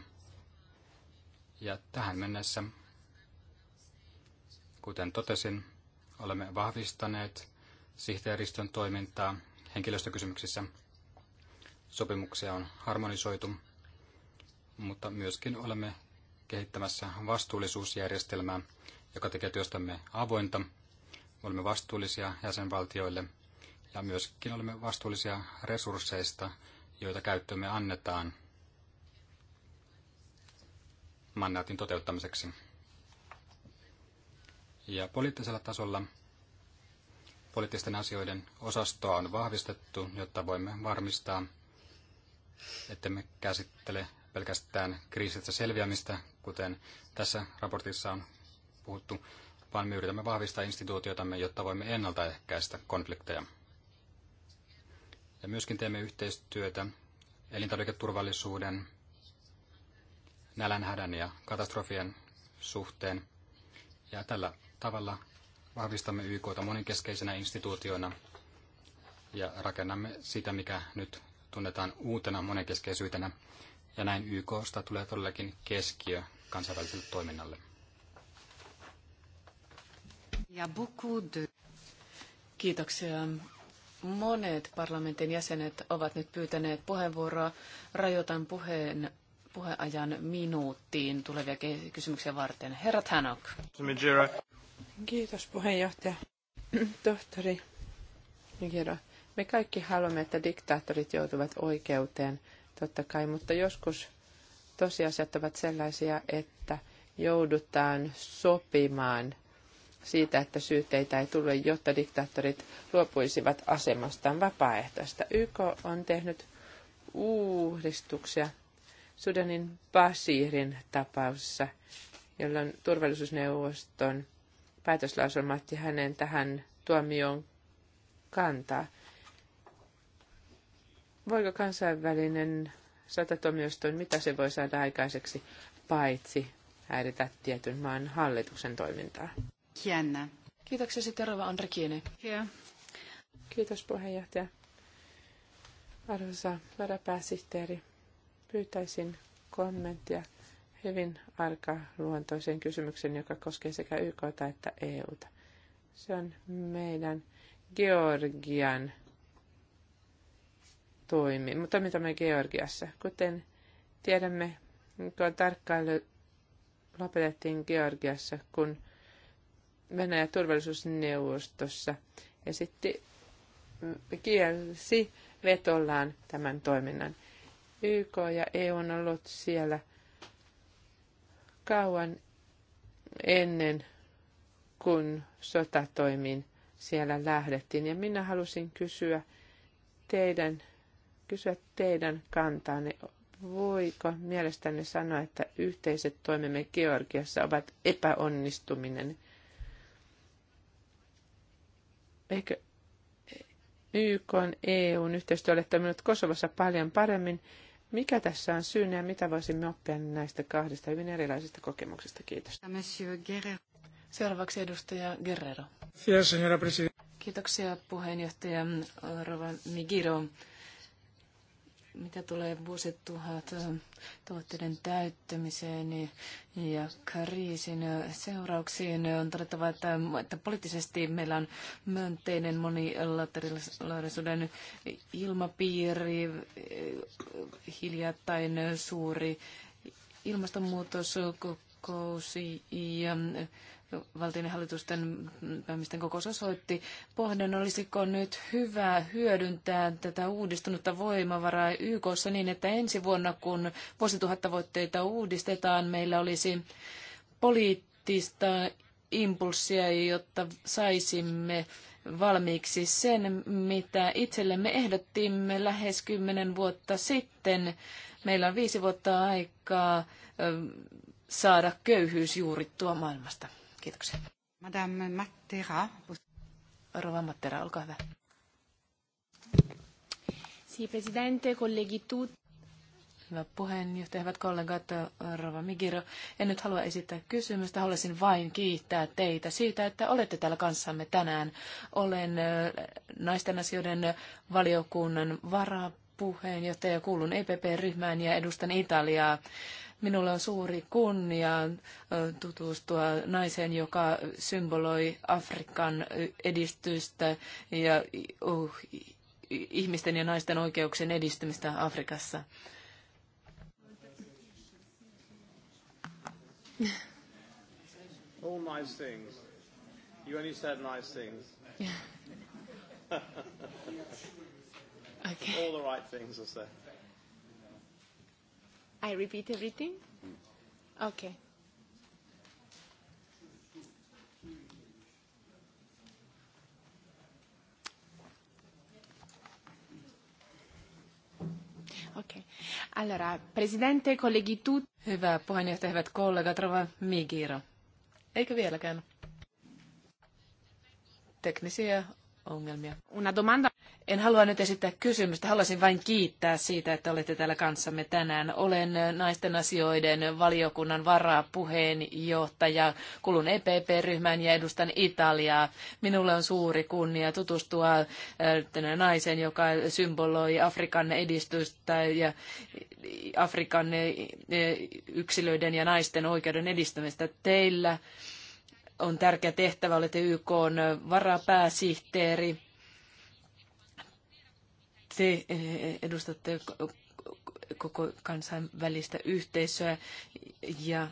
Ja tähän mennessä, kuten totesin, olemme vahvistaneet sihteeristön toimintaa henkilöstökysymyksissä. Sopimuksia on harmonisoitu mutta myöskin olemme kehittämässä vastuullisuusjärjestelmää, joka tekee työstämme avointa. Olemme vastuullisia jäsenvaltioille ja myöskin olemme vastuullisia resursseista, joita käyttöömme annetaan mandaatin toteuttamiseksi. Ja poliittisella tasolla poliittisten asioiden osastoa on vahvistettu, jotta voimme varmistaa, että me käsittele pelkästään kriisistä selviämistä, kuten tässä raportissa on puhuttu, vaan me yritämme vahvistaa instituutiotamme, jotta voimme ennaltaehkäistä konflikteja. Ja myöskin teemme yhteistyötä elintarviketurvallisuuden, nälänhädän ja katastrofien suhteen. Ja tällä tavalla vahvistamme YKta monikeskeisenä instituutiona ja rakennamme sitä, mikä nyt tunnetaan uutena monenkeskeisyytenä, ja näin YKsta tulee todellakin keskiö kansainväliselle toiminnalle. Ja Kiitoksia. Monet parlamentin jäsenet ovat nyt pyytäneet puheenvuoroa. Rajoitan puheen, puheajan minuuttiin tulevia kysymyksiä varten. Herra Tanok. Kiitos puheenjohtaja. Tohtori Nigero, me kaikki haluamme, että diktaattorit joutuvat oikeuteen totta kai, mutta joskus tosiasiat ovat sellaisia, että joudutaan sopimaan siitä, että syytteitä ei tule, jotta diktaattorit luopuisivat asemastaan vapaaehtoista. YK on tehnyt uudistuksia Sudanin Basirin tapauksessa, jolloin turvallisuusneuvoston päätöslauselma otti hänen tähän tuomioon kantaa voiko kansainvälinen satatuomioistuin, mitä se voi saada aikaiseksi, paitsi häiritä tietyn maan hallituksen toimintaa? Jännä. Kiitoksia sitten Rova Andre Kiene. Yeah. Kiitos puheenjohtaja. Arvoisa varapääsihteeri, pyytäisin kommenttia hyvin arka arkaluontoisen kysymyksen, joka koskee sekä YK että EUta. Se on meidän Georgian toimi. Mutta mitä me Georgiassa? Kuten tiedämme, kun tarkkailu lopetettiin Georgiassa, kun Venäjä turvallisuusneuvostossa ja sitten kielsi vetollaan tämän toiminnan. YK ja EU on ollut siellä kauan ennen kuin sotatoimiin siellä lähdettiin. Ja minä halusin kysyä teidän kysyä teidän kantaanne. Voiko mielestäni sanoa, että yhteiset toimemme Georgiassa ovat epäonnistuminen? Eikö YK, EUn yhteistyö ole toiminut Kosovassa paljon paremmin? Mikä tässä on syynä ja mitä voisimme oppia näistä kahdesta hyvin erilaisista kokemuksista? Kiitos. Seuraavaksi edustaja Guerrero. Kiitoksia puheenjohtaja Rova Migiro mitä tulee vuosituhat tuotteiden täyttämiseen niin- ja kriisin seurauksiin, on todettava, että, että poliittisesti meillä on myönteinen monilateraalisuuden ilmapiiri, hiljattain suuri ilmastonmuutos, ja valtion hallitusten päämisten kokous osoitti pohdin, olisiko nyt hyvä hyödyntää tätä uudistunutta voimavaraa YKssa niin, että ensi vuonna, kun vuosituhattavoitteita uudistetaan, meillä olisi poliittista impulssia, jotta saisimme valmiiksi sen, mitä itsellemme ehdottimme lähes kymmenen vuotta sitten. Meillä on viisi vuotta aikaa saada köyhyys juurittua maailmasta. Kiitoksia. Madame Mattera. Rova Mattera, olkaa hyvä. Si, presidente, kollegi tut. Hyvä puheenjohtaja, hyvät kollegat, Rova Migiro. En nyt halua esittää kysymystä, haluaisin vain kiittää teitä siitä, että olette täällä kanssamme tänään. Olen naisten asioiden valiokunnan varapuheenjohtaja, kuulun EPP-ryhmään ja edustan Italiaa Minulla on suuri kunnia tutustua naiseen, joka symboloi Afrikan edistystä ja uh, ihmisten ja naisten oikeuksien edistymistä Afrikassa. All nice things. You only said nice things. Yeah. okay. All the right things are said. I repeat everything? Okay. Okay. Allora, presidente, colleghi tutti. Hyvä puheenjohtaja, hyvät kollegat, Rova Migiro. Eikö vieläkään? Teknisiä ongelmia. Una domanda. En halua nyt esittää kysymystä, haluaisin vain kiittää siitä, että olette täällä kanssamme tänään. Olen naisten asioiden valiokunnan varapuheenjohtaja, kulun EPP-ryhmään ja edustan Italiaa. Minulle on suuri kunnia tutustua äh, naisen, joka symboloi Afrikan edistystä ja Afrikan äh, yksilöiden ja naisten oikeuden edistämistä teillä on tärkeä tehtävä, olette YK varapääsihteeri. Te eh, edustatte koko kansainvälistä yhteisöä ja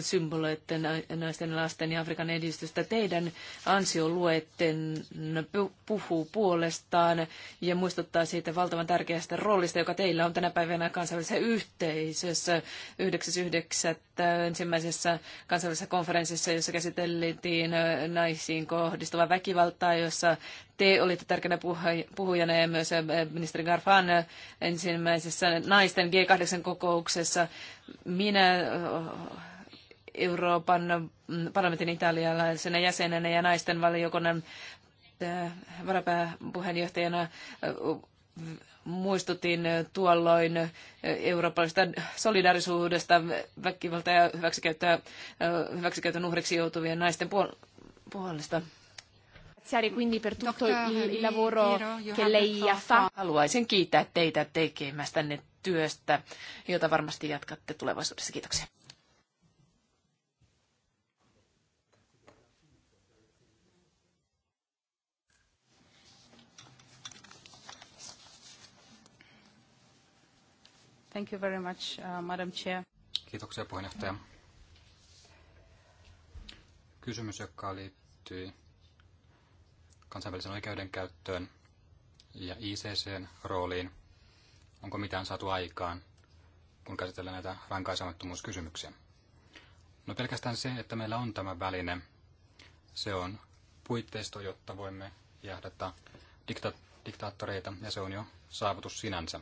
symboleette naisten, lasten ja Afrikan edistystä. Teidän ansioluetten puhuu puolestaan ja muistuttaa siitä valtavan tärkeästä roolista, joka teillä on tänä päivänä kansainvälisessä yhteisössä 9.9. ensimmäisessä kansainvälisessä konferenssissa, jossa käsiteltiin naisiin kohdistuvaa väkivaltaa, jossa te olitte tärkeänä puhujana ja myös eh, ministeri Garfan ensimmäisessä naisten G8-kokouksessa. Minä Euroopan mm, parlamentin italialaisena jäsenenä ja naisten valiokunnan eh, varapääpuheenjohtajana eh, muistutin tuolloin eh, eurooppalaisesta solidaarisuudesta väkivalta- ja hyväksikäyttöä, hyväksikäytön uhriksi joutuvien naisten puolesta. Haluaisin kiittää teitä tekemästänne työstä, jota varmasti jatkatte tulevaisuudessa. Kiitoksia. Thank you very much, uh, Madam Chair. Kiitoksia puheenjohtaja. Kysymys, joka liittyy kansainvälisen oikeudenkäyttöön ja ICCn rooliin. Onko mitään saatu aikaan, kun käsitellään näitä rankaisemattomuuskysymyksiä? No pelkästään se, että meillä on tämä väline, se on puitteisto, jotta voimme jahdata dikta- diktaattoreita, ja se on jo saavutus sinänsä.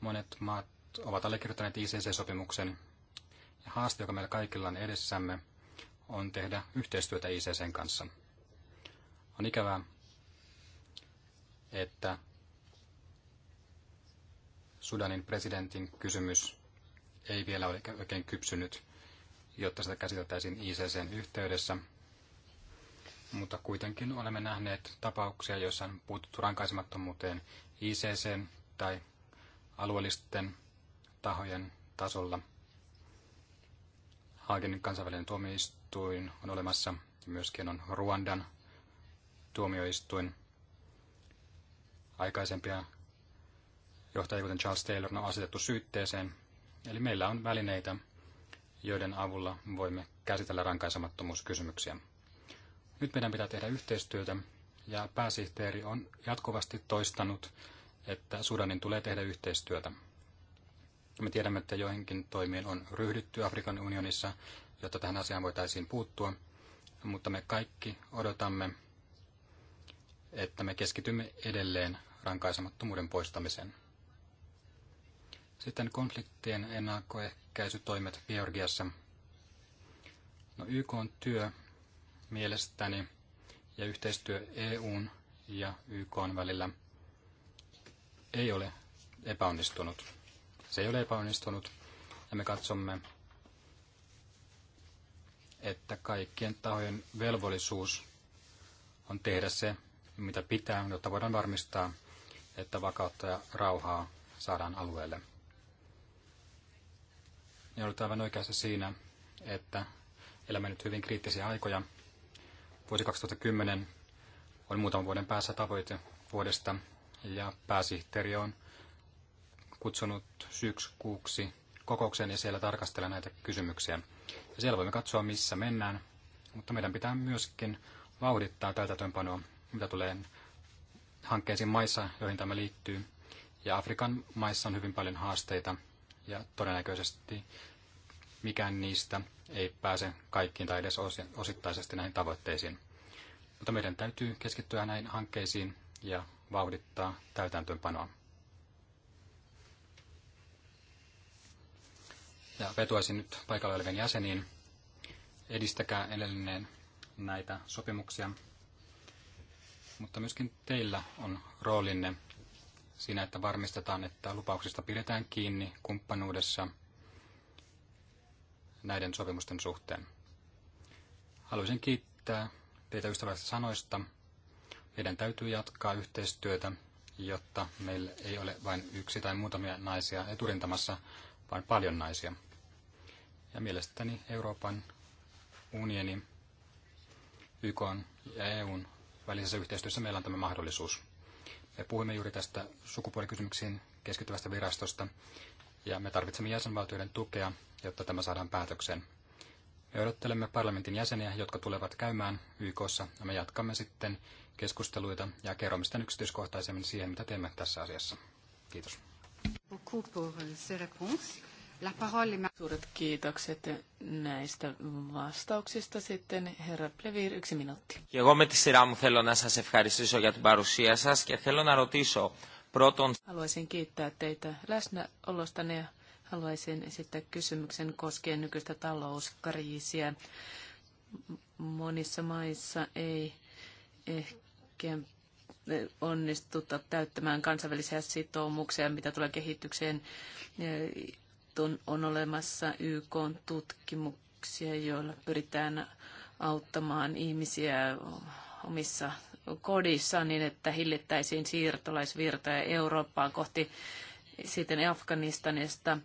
Monet maat ovat allekirjoittaneet ICC-sopimuksen. Ja haaste, joka meillä kaikilla on edessämme, on tehdä yhteistyötä ICCn kanssa. On ikävää, että Sudanin presidentin kysymys ei vielä ole oikein kypsynyt, jotta sitä käsiteltäisiin ICCn yhteydessä. Mutta kuitenkin olemme nähneet tapauksia, joissa on puututtu rankaisemattomuuteen ICCn tai alueellisten tahojen tasolla. Haagin kansainvälinen tuomioistuin on olemassa ja myöskin on Ruandan tuomioistuin. Aikaisempia johtajia, kuten Charles Taylor, on asetettu syytteeseen. Eli meillä on välineitä, joiden avulla voimme käsitellä rankaisemattomuuskysymyksiä. Nyt meidän pitää tehdä yhteistyötä, ja pääsihteeri on jatkuvasti toistanut, että Sudanin tulee tehdä yhteistyötä. Me tiedämme, että joihinkin toimiin on ryhdytty Afrikan unionissa, jotta tähän asiaan voitaisiin puuttua, mutta me kaikki odotamme, että me keskitymme edelleen rankaisemattomuuden poistamiseen. Sitten konfliktien ennakkoehkäisytoimet Georgiassa. No YK on työ mielestäni ja yhteistyö EUn ja YK välillä ei ole epäonnistunut. Se ei ole epäonnistunut ja me katsomme, että kaikkien tahojen velvollisuus on tehdä se, mitä pitää, jotta voidaan varmistaa, että vakautta ja rauhaa saadaan alueelle. Ne olet aivan oikeassa siinä, että elämme nyt hyvin kriittisiä aikoja. Vuosi 2010 on muutaman vuoden päässä tavoite vuodesta, ja pääsihteeri on kutsunut sykskuuksi kokoukseen ja siellä tarkastella näitä kysymyksiä. Ja siellä voimme katsoa, missä mennään, mutta meidän pitää myöskin vauhdittaa täytäntöönpanoa, mitä tulee hankkeisiin maissa, joihin tämä liittyy. Ja Afrikan maissa on hyvin paljon haasteita ja todennäköisesti mikään niistä ei pääse kaikkiin tai edes osittaisesti näihin tavoitteisiin. Mutta meidän täytyy keskittyä näihin hankkeisiin ja vauhdittaa täytäntöönpanoa. Ja vetoaisin nyt paikalla olevien jäseniin. Edistäkää edelleen näitä sopimuksia. Mutta myöskin teillä on roolinne siinä, että varmistetaan, että lupauksista pidetään kiinni kumppanuudessa näiden sopimusten suhteen. Haluaisin kiittää teitä ystävällisistä sanoista meidän täytyy jatkaa yhteistyötä, jotta meillä ei ole vain yksi tai muutamia naisia eturintamassa, vaan paljon naisia. Ja mielestäni Euroopan unioni, YK ja EUn välisessä yhteistyössä meillä on tämä mahdollisuus. Me puhumme juuri tästä sukupuolikysymyksiin keskittyvästä virastosta, ja me tarvitsemme jäsenvaltioiden tukea, jotta tämä saadaan päätökseen. Me odottelemme parlamentin jäseniä, jotka tulevat käymään YKssa, ja me jatkamme sitten keskusteluita ja kerromme sitten yksityiskohtaisemmin siihen, mitä teemme tässä asiassa. Kiitos. Euh, Suuret kiitokset näistä vastauksista. Sitten herra Plevir, yksi minuutti. Και εγώ με τη σειρά μου θέλω να σας ευχαριστήσω για την παρουσία σας και θέλω να ρωτήσω πρώτον... Haluaisin kiittää teitä läsnäolostanne ja haluaisin esittää kysymyksen koskien nykyistä talouskriisiä. Monissa maissa ei ehkä kaikkien onnistuta täyttämään kansainvälisiä sitoumuksia, mitä tulee kehitykseen. On olemassa YK tutkimuksia, joilla pyritään auttamaan ihmisiä omissa kodissa niin, että hillittäisiin siirtolaisvirtoja Eurooppaan kohti sitten Afganistanista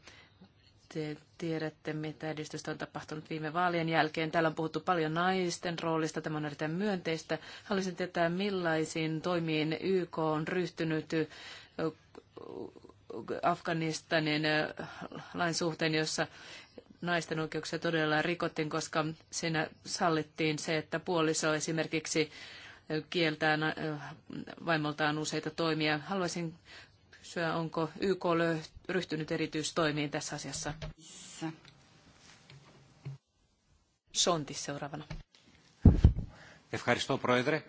te tiedätte, mitä edistystä on tapahtunut viime vaalien jälkeen. Täällä on puhuttu paljon naisten roolista, tämä on erittäin myönteistä. Haluaisin tietää, millaisiin toimiin YK on ryhtynyt Afganistanin lain suhteen, jossa naisten oikeuksia todella rikottiin, koska siinä sallittiin se, että puoliso esimerkiksi kieltää vaimoltaan useita toimia. Haluaisin kysyä, onko YK ryhtynyt erityistoimiin tässä asiassa. Sonti seuraavana. Ευχαριστώ, Πρόεδρε.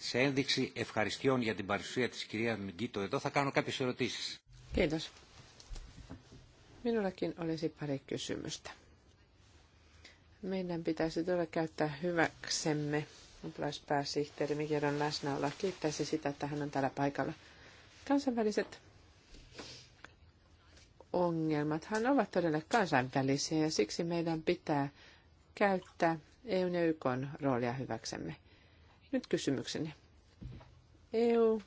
Σε ένδειξη ευχαριστειών για την παρουσία της κυρία Μιγκίτο εδώ θα κάνω κάποιες ερωτήσεις. Kiitos. Minullakin olisi pari kysymystä. Meidän pitäisi todella käyttää hyväksemme apulaispääsihteeri Mikiron läsnäoloa. Kiittäisi sitä, että hän on täällä paikalla. Kansainväliset ongelmathan ovat todella kansainvälisiä ja siksi meidän pitää käyttää EUn ja YKn roolia hyväksemme. Nyt kysymykseni. EU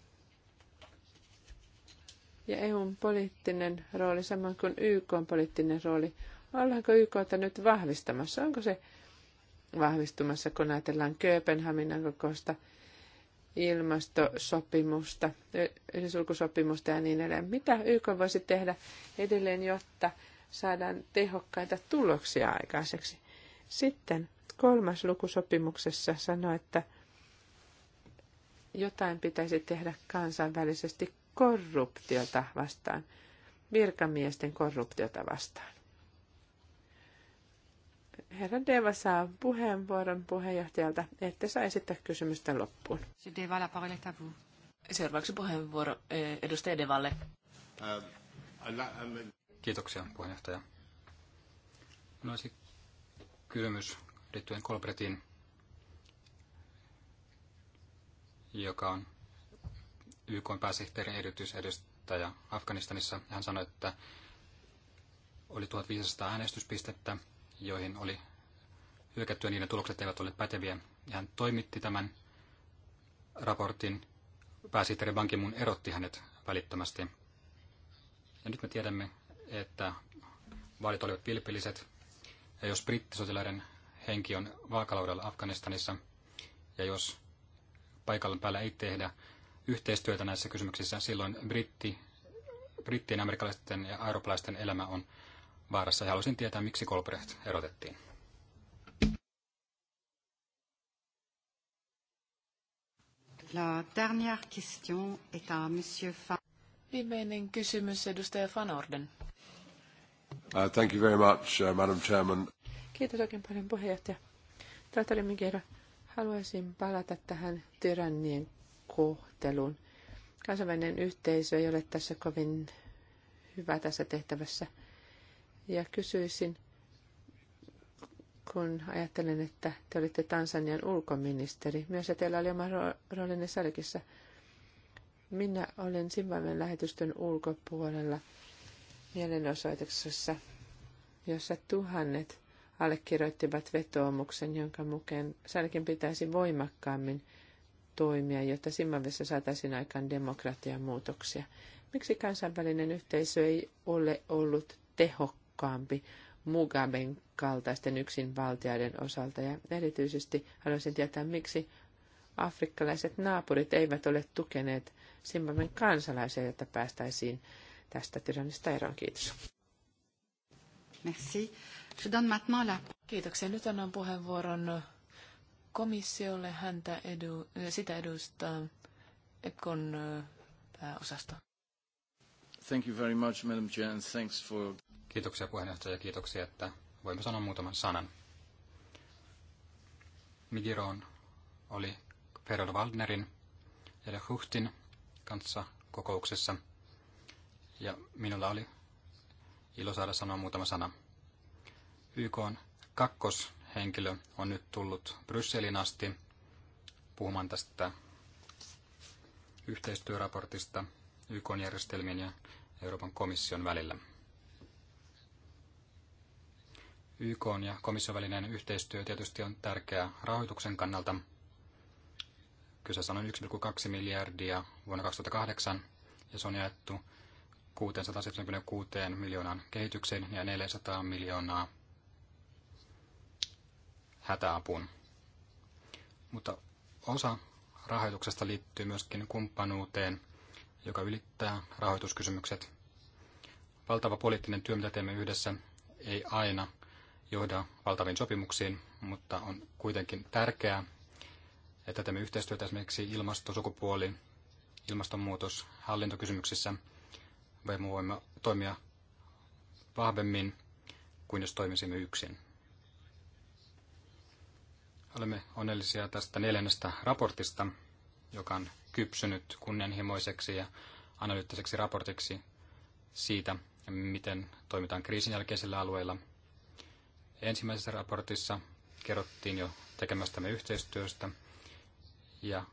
ja EUn poliittinen rooli, samoin kuin YKn poliittinen rooli, ollaanko YKta nyt vahvistamassa? Onko se vahvistumassa, kun ajatellaan Kööpenhaminan kokousta – ilmastosopimusta, ylisulkusopimusta ja niin edelleen. Mitä YK voisi tehdä edelleen, jotta saadaan tehokkaita tuloksia aikaiseksi? Sitten kolmas lukusopimuksessa sanoi, että jotain pitäisi tehdä kansainvälisesti korruptiota vastaan, virkamiesten korruptiota vastaan. Herra Deva saa puheenvuoron puheenjohtajalta, että saa esittää kysymystä loppuun. Seuraavaksi puheenvuoro eh, edustaja Devalle. Uh, um, Kiitoksia puheenjohtaja. Minulla no, olisi kysymys liittyen Kolbretiin, joka on YK pääsihteerin erityisedustaja Afganistanissa. Hän sanoi, että oli 1500 äänestyspistettä, joihin oli hyökättyä, niiden tulokset eivät ole päteviä. Ja hän toimitti tämän raportin. Pääsihteeri Ban Ki-moon erotti hänet välittömästi. Ja nyt me tiedämme, että vaalit olivat vilpilliset. Ja jos brittisotilaiden henki on vaakalaudalla Afganistanissa, ja jos paikallan päällä ei tehdä yhteistyötä näissä kysymyksissä, silloin britti, brittien, amerikkalaisten ja eurooppalaisten elämä on vaarassa. Ja haluaisin tietää, miksi Colbert erotettiin. La dernière question est à Monsieur Fa- Viimeinen kysymys edustaja Van Orden. Uh, thank you very much, uh, Madam Chairman. Kiitos oikein paljon puheenjohtaja. Tohtori Mikera, haluaisin palata tähän tyrannien kohteluun. Kansainvälinen yhteisö ei ole tässä kovin hyvä tässä tehtävässä. Ja kysyisin, kun ajattelen, että te olitte Tansanian ulkoministeri, myös ja teillä oli oma roolinne Sarikissa. Minä olen Zimbabwen lähetystön ulkopuolella mielenosoituksessa, jossa tuhannet allekirjoittivat vetoomuksen, jonka mukaan Sarkin pitäisi voimakkaammin toimia, jotta Zimbabwessa saataisiin aikaan demokratian muutoksia. Miksi kansainvälinen yhteisö ei ole ollut tehokkaampi Mugaben kaltaisten yksinvaltiaiden osalta. Ja erityisesti haluaisin tietää, miksi afrikkalaiset naapurit eivät ole tukeneet Zimbabwen kansalaisia, jotta päästäisiin tästä tyrannista eroon. Kiitos. Merci. Je donne maintenant la... Kiitoksia. Nyt annan puheenvuoron komissiolle häntä edu, sitä edustaa Ekon pääosasto. Thank you very much, Madam Chair, and thanks for... Kiitoksia puheenjohtaja ja kiitoksia, että voimme sanoa muutaman sanan. Migiroon oli Ferrell Waldnerin ja Huhtin kanssa kokouksessa ja minulla oli ilo saada sanoa muutama sana. YK on kakkoshenkilö on nyt tullut Brysselin asti puhumaan tästä yhteistyöraportista YK järjestelmien ja Euroopan komission välillä. YK ja komission välinen yhteistyö tietysti on tärkeää rahoituksen kannalta. Kyseessä on 1,2 miljardia vuonna 2008 ja se on jaettu 676 miljoonaan kehitykseen ja 400 miljoonaa hätäapuun. Mutta osa rahoituksesta liittyy myöskin kumppanuuteen joka ylittää rahoituskysymykset. Valtava poliittinen työ, mitä teemme yhdessä, ei aina johda valtaviin sopimuksiin, mutta on kuitenkin tärkeää, että teemme yhteistyötä esimerkiksi ilmastosukupuoli, ilmastonmuutos, hallintokysymyksissä. Me voimme toimia vahvemmin kuin jos toimisimme yksin. Olemme onnellisia tästä neljännestä raportista, joka on kypsynyt kunnianhimoiseksi ja analyyttiseksi raportiksi siitä, miten toimitaan kriisin jälkeisillä alueilla. Ensimmäisessä raportissa kerrottiin jo tekemästämme yhteistyöstä ja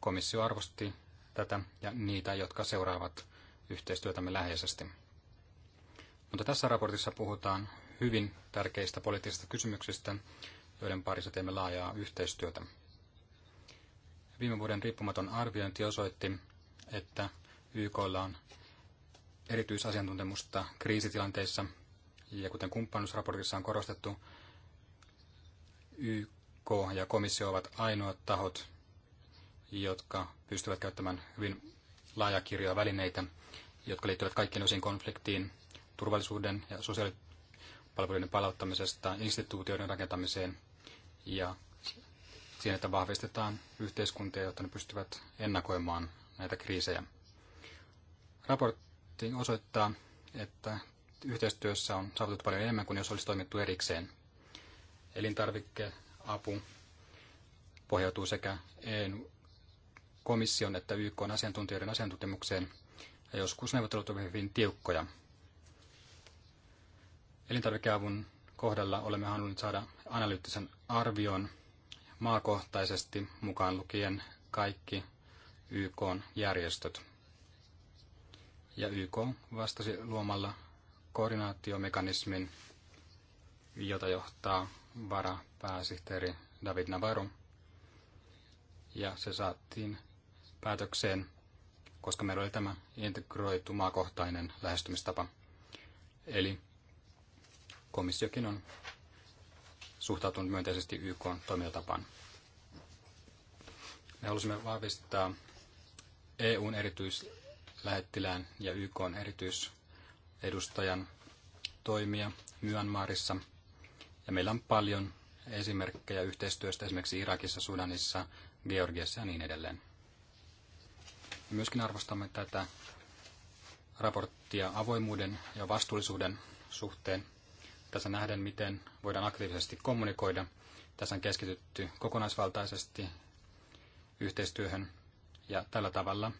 komissio arvosti tätä ja niitä, jotka seuraavat yhteistyötämme läheisesti. Mutta tässä raportissa puhutaan hyvin tärkeistä poliittisista kysymyksistä, joiden parissa teemme laajaa yhteistyötä. Viime vuoden riippumaton arviointi osoitti, että YKlla on erityisasiantuntemusta kriisitilanteissa, ja kuten kumppanuusraportissa on korostettu, YK ja komissio ovat ainoat tahot, jotka pystyvät käyttämään hyvin laajakirjoja välineitä, jotka liittyvät kaikkien osin konfliktiin, turvallisuuden ja sosiaalipalveluiden palauttamisesta, instituutioiden rakentamiseen ja siihen, että vahvistetaan yhteiskuntia, jotta ne pystyvät ennakoimaan näitä kriisejä. Raportti osoittaa, että yhteistyössä on saavutettu paljon enemmän kuin jos olisi toimittu erikseen. Elintarvikkeapu pohjautuu sekä EUn komission että YK asiantuntijoiden asiantuntemukseen, ja joskus neuvottelut ovat hyvin tiukkoja. Elintarvikeavun kohdalla olemme halunneet saada analyyttisen arvion maakohtaisesti mukaan lukien kaikki YK-järjestöt. Ja YK vastasi luomalla koordinaatiomekanismin, jota johtaa varapääsihteeri David Navarro. Ja se saatiin päätökseen, koska meillä oli tämä integroitu maakohtainen lähestymistapa. Eli komissiokin on suhtautunut myönteisesti YK toimintatapaan. Me halusimme vahvistaa EUn erityislähettilään ja YK erityisedustajan toimia Myanmarissa. Ja meillä on paljon esimerkkejä yhteistyöstä esimerkiksi Irakissa, Sudanissa, Georgiassa ja niin edelleen. Me myöskin arvostamme tätä raporttia avoimuuden ja vastuullisuuden suhteen. Tässä nähdään, miten voidaan aktiivisesti kommunikoida. Tässä on keskitytty kokonaisvaltaisesti yhteistyöhön ja tällä tavalla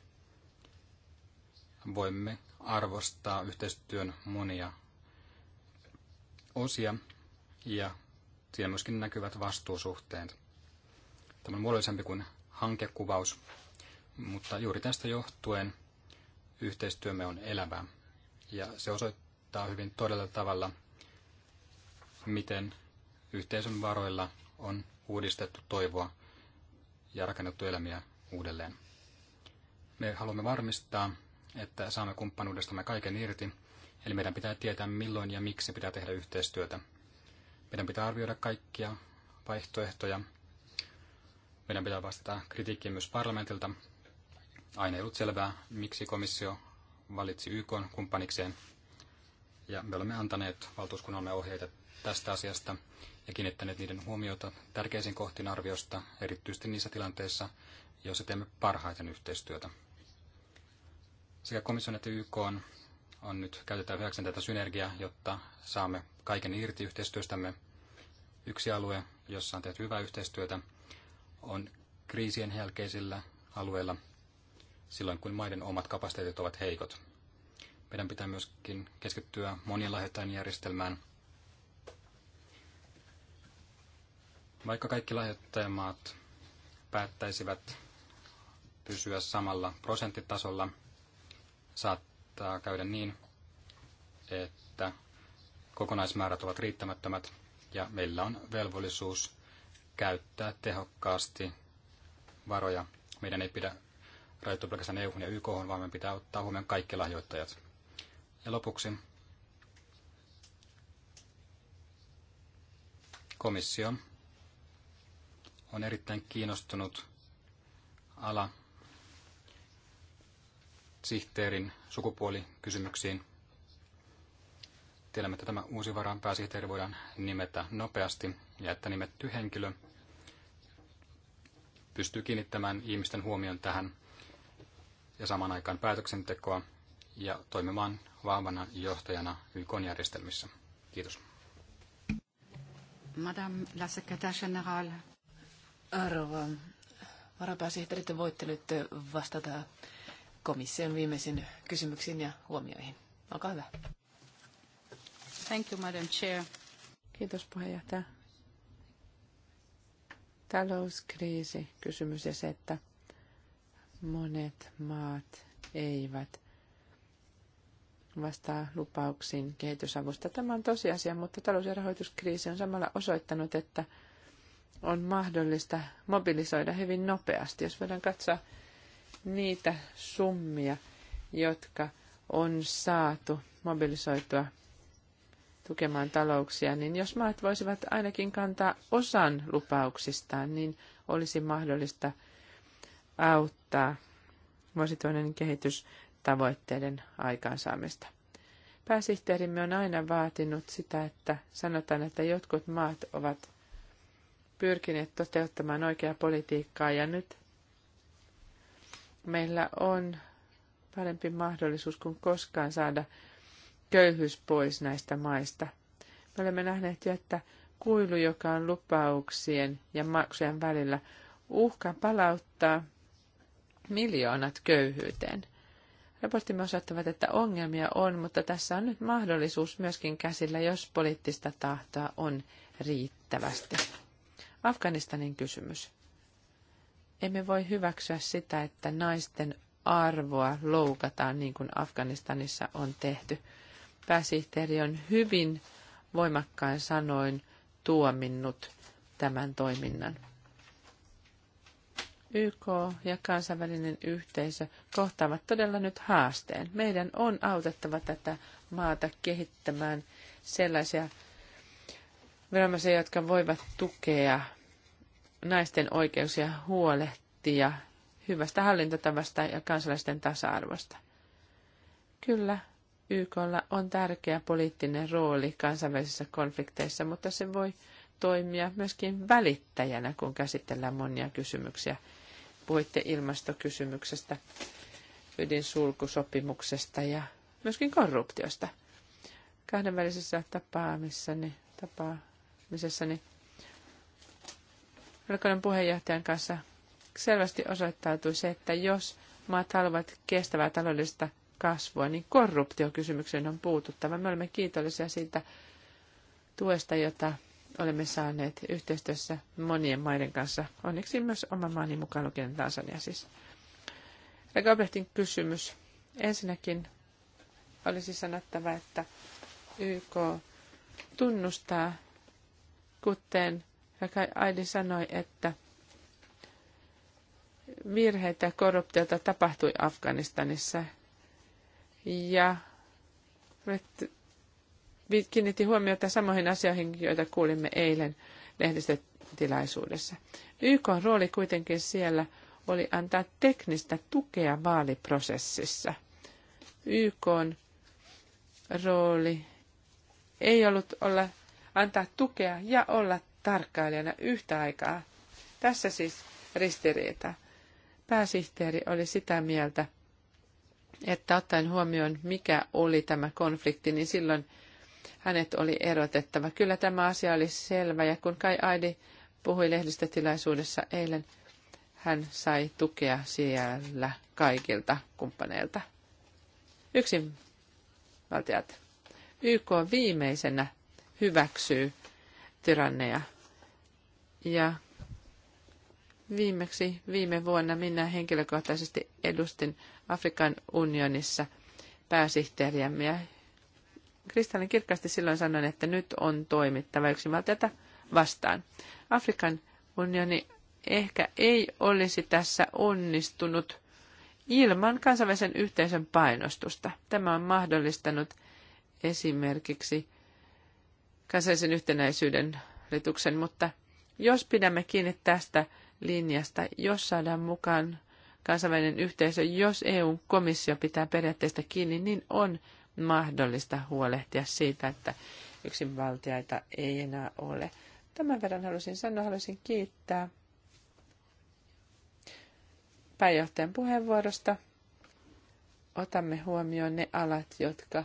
voimme arvostaa yhteistyön monia osia ja siinä myöskin näkyvät vastuusuhteet. Tämä on muodollisempi kuin hankekuvaus, mutta juuri tästä johtuen yhteistyömme on elävää ja se osoittaa hyvin todella tavalla, miten yhteisön varoilla on uudistettu toivoa ja rakennettu elämiä uudelleen. Me haluamme varmistaa, että saamme kumppanuudestamme kaiken irti, eli meidän pitää tietää milloin ja miksi pitää tehdä yhteistyötä. Meidän pitää arvioida kaikkia vaihtoehtoja. Meidän pitää vastata kritiikkiin myös parlamentilta. Aina ei ollut selvää, miksi komissio valitsi YK kumppanikseen, ja me olemme antaneet valtuuskunnalle että tästä asiasta ja kiinnittäneet niiden huomiota tärkeisiin kohtiin arviosta, erityisesti niissä tilanteissa, joissa teemme parhaiten yhteistyötä. Sekä komission että YK on, on nyt käytetään hyväkseen tätä synergiaa, jotta saamme kaiken irti yhteistyöstämme. Yksi alue, jossa on tehty hyvää yhteistyötä, on kriisien jälkeisillä alueilla, silloin kun maiden omat kapasiteetit ovat heikot. Meidän pitää myöskin keskittyä monien järjestelmään – Vaikka kaikki lahjoittajamaat päättäisivät pysyä samalla prosenttitasolla, saattaa käydä niin, että kokonaismäärät ovat riittämättömät ja meillä on velvollisuus käyttää tehokkaasti varoja. Meidän ei pidä rajoittua pelkästään EU ja YK, vaan meidän pitää ottaa huomioon kaikki lahjoittajat. Ja lopuksi komissio on erittäin kiinnostunut ala sihteerin sukupuolikysymyksiin. Tiedämme, että tämä uusi varan pääsihteeri voidaan nimetä nopeasti ja että nimetty henkilö pystyy kiinnittämään ihmisten huomion tähän ja saman aikaan päätöksentekoa ja toimimaan vahvana johtajana YK-järjestelmissä. Kiitos. Madame la secrétaire générale. Arvo, varapääsihteeri, te voitte vastata komission viimeisiin kysymyksiin ja huomioihin. Olkaa hyvä. Thank you, Madam Chair. Kiitos puheenjohtaja. Talouskriisi kysymys ja se, että monet maat eivät vastaa lupauksiin kehitysavusta. Tämä on tosiasia, mutta talous- ja rahoituskriisi on samalla osoittanut, että on mahdollista mobilisoida hyvin nopeasti, jos voidaan katsoa niitä summia, jotka on saatu mobilisoitua tukemaan talouksia, niin jos maat voisivat ainakin kantaa osan lupauksistaan, niin olisi mahdollista auttaa vuosituinen kehitystavoitteiden aikaansaamista. Pääsihteerimme on aina vaatinut sitä, että sanotaan, että jotkut maat ovat pyrkineet toteuttamaan oikeaa politiikkaa ja nyt meillä on parempi mahdollisuus kuin koskaan saada köyhyys pois näistä maista. Me olemme nähneet jo, että kuilu, joka on lupauksien ja maksujen välillä, uhka palauttaa miljoonat köyhyyteen. Raporttimme osoittavat, että ongelmia on, mutta tässä on nyt mahdollisuus myöskin käsillä, jos poliittista tahtoa on riittävästi. Afganistanin kysymys. Emme voi hyväksyä sitä, että naisten arvoa loukataan niin kuin Afganistanissa on tehty. Pääsihteeri on hyvin voimakkain sanoin tuominnut tämän toiminnan. YK ja kansainvälinen yhteisö kohtaavat todella nyt haasteen. Meidän on autettava tätä maata kehittämään sellaisia viranomaisia, jotka voivat tukea naisten oikeuksia huolehtia hyvästä hallintotavasta ja kansalaisten tasa-arvosta. Kyllä, YKlla on tärkeä poliittinen rooli kansainvälisissä konflikteissa, mutta se voi toimia myöskin välittäjänä, kun käsitellään monia kysymyksiä. Puhuitte ilmastokysymyksestä, ydinsulkusopimuksesta ja myöskin korruptiosta. Kahdenvälisessä tapaamissani niin tapaa niin Valkoinen puheenjohtajan kanssa selvästi osoittautui se, että jos maat haluavat kestävää taloudellista kasvua, niin korruptiokysymykseen on puututtava. Me olemme kiitollisia siitä tuesta, jota olemme saaneet yhteistyössä monien maiden kanssa. Onneksi myös oma maani mukaan lukien Tansania siis. Gabrehtin kysymys. Ensinnäkin olisi sanottava, että YK tunnustaa kuten Rakai sanoi, että virheitä ja korruptiota tapahtui Afganistanissa. Ja kiinnitti huomiota samoihin asioihin, joita kuulimme eilen lehdistötilaisuudessa. YK rooli kuitenkin siellä oli antaa teknistä tukea vaaliprosessissa. YK rooli ei ollut olla antaa tukea ja olla tarkkailijana yhtä aikaa. Tässä siis ristiriita. Pääsihteeri oli sitä mieltä, että ottaen huomioon, mikä oli tämä konflikti, niin silloin hänet oli erotettava. Kyllä tämä asia oli selvä, ja kun Kai Aidi puhui lehdistötilaisuudessa eilen, hän sai tukea siellä kaikilta kumppaneilta. Yksin valtiat. YK viimeisenä hyväksyy tyranneja. Ja viimeksi viime vuonna minä henkilökohtaisesti edustin Afrikan unionissa pääsihteeriämme ja kristallin kirkkaasti silloin sanoin, että nyt on toimittava yksinvaltiota vastaan. Afrikan unioni ehkä ei olisi tässä onnistunut ilman kansainvälisen yhteisön painostusta. Tämä on mahdollistanut esimerkiksi kansallisen yhtenäisyyden hallituksen, mutta jos pidämme kiinni tästä linjasta, jos saadaan mukaan kansainvälinen yhteisö, jos eu komissio pitää periaatteesta kiinni, niin on mahdollista huolehtia siitä, että yksinvaltiaita ei enää ole. Tämän verran halusin sanoa, halusin kiittää pääjohtajan puheenvuorosta. Otamme huomioon ne alat, jotka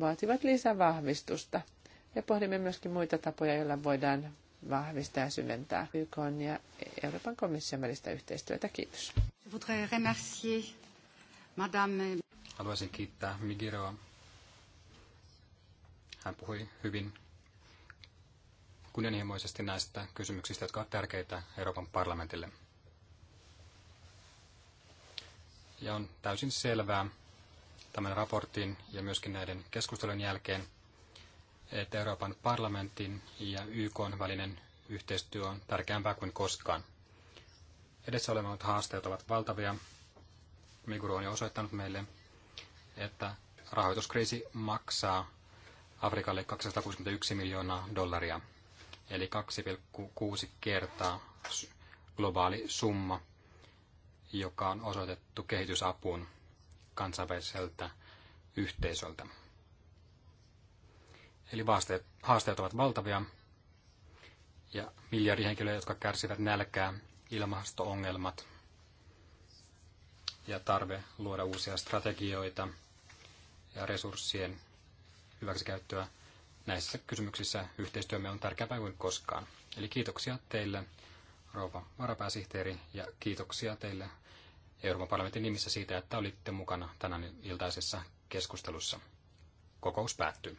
vaativat lisävahvistusta. Ja pohdimme myöskin muita tapoja, joilla voidaan vahvistaa ja syventää YK ja Euroopan komission välistä yhteistyötä. Kiitos. Haluaisin kiittää Migiroa. Hän puhui hyvin kunnianhimoisesti näistä kysymyksistä, jotka ovat tärkeitä Euroopan parlamentille. Ja on täysin selvää tämän raportin ja myöskin näiden keskustelun jälkeen, että Euroopan parlamentin ja YK välinen yhteistyö on tärkeämpää kuin koskaan. Edessä olevat haasteet ovat valtavia. Miguru on jo osoittanut meille, että rahoituskriisi maksaa Afrikalle 261 miljoonaa dollaria, eli 2,6 kertaa globaali summa, joka on osoitettu kehitysapuun kansainväliseltä yhteisöltä. Eli haasteet, haasteet ovat valtavia ja miljardi henkilöä, jotka kärsivät nälkää, ilmastoongelmat ja tarve luoda uusia strategioita ja resurssien hyväksikäyttöä. Näissä kysymyksissä yhteistyömme on tärkeämpää kuin koskaan. Eli kiitoksia teille, rouva varapääsihteeri, ja kiitoksia teille Euroopan parlamentin nimissä siitä, että olitte mukana tänään iltaisessa keskustelussa. Kokous päättyy.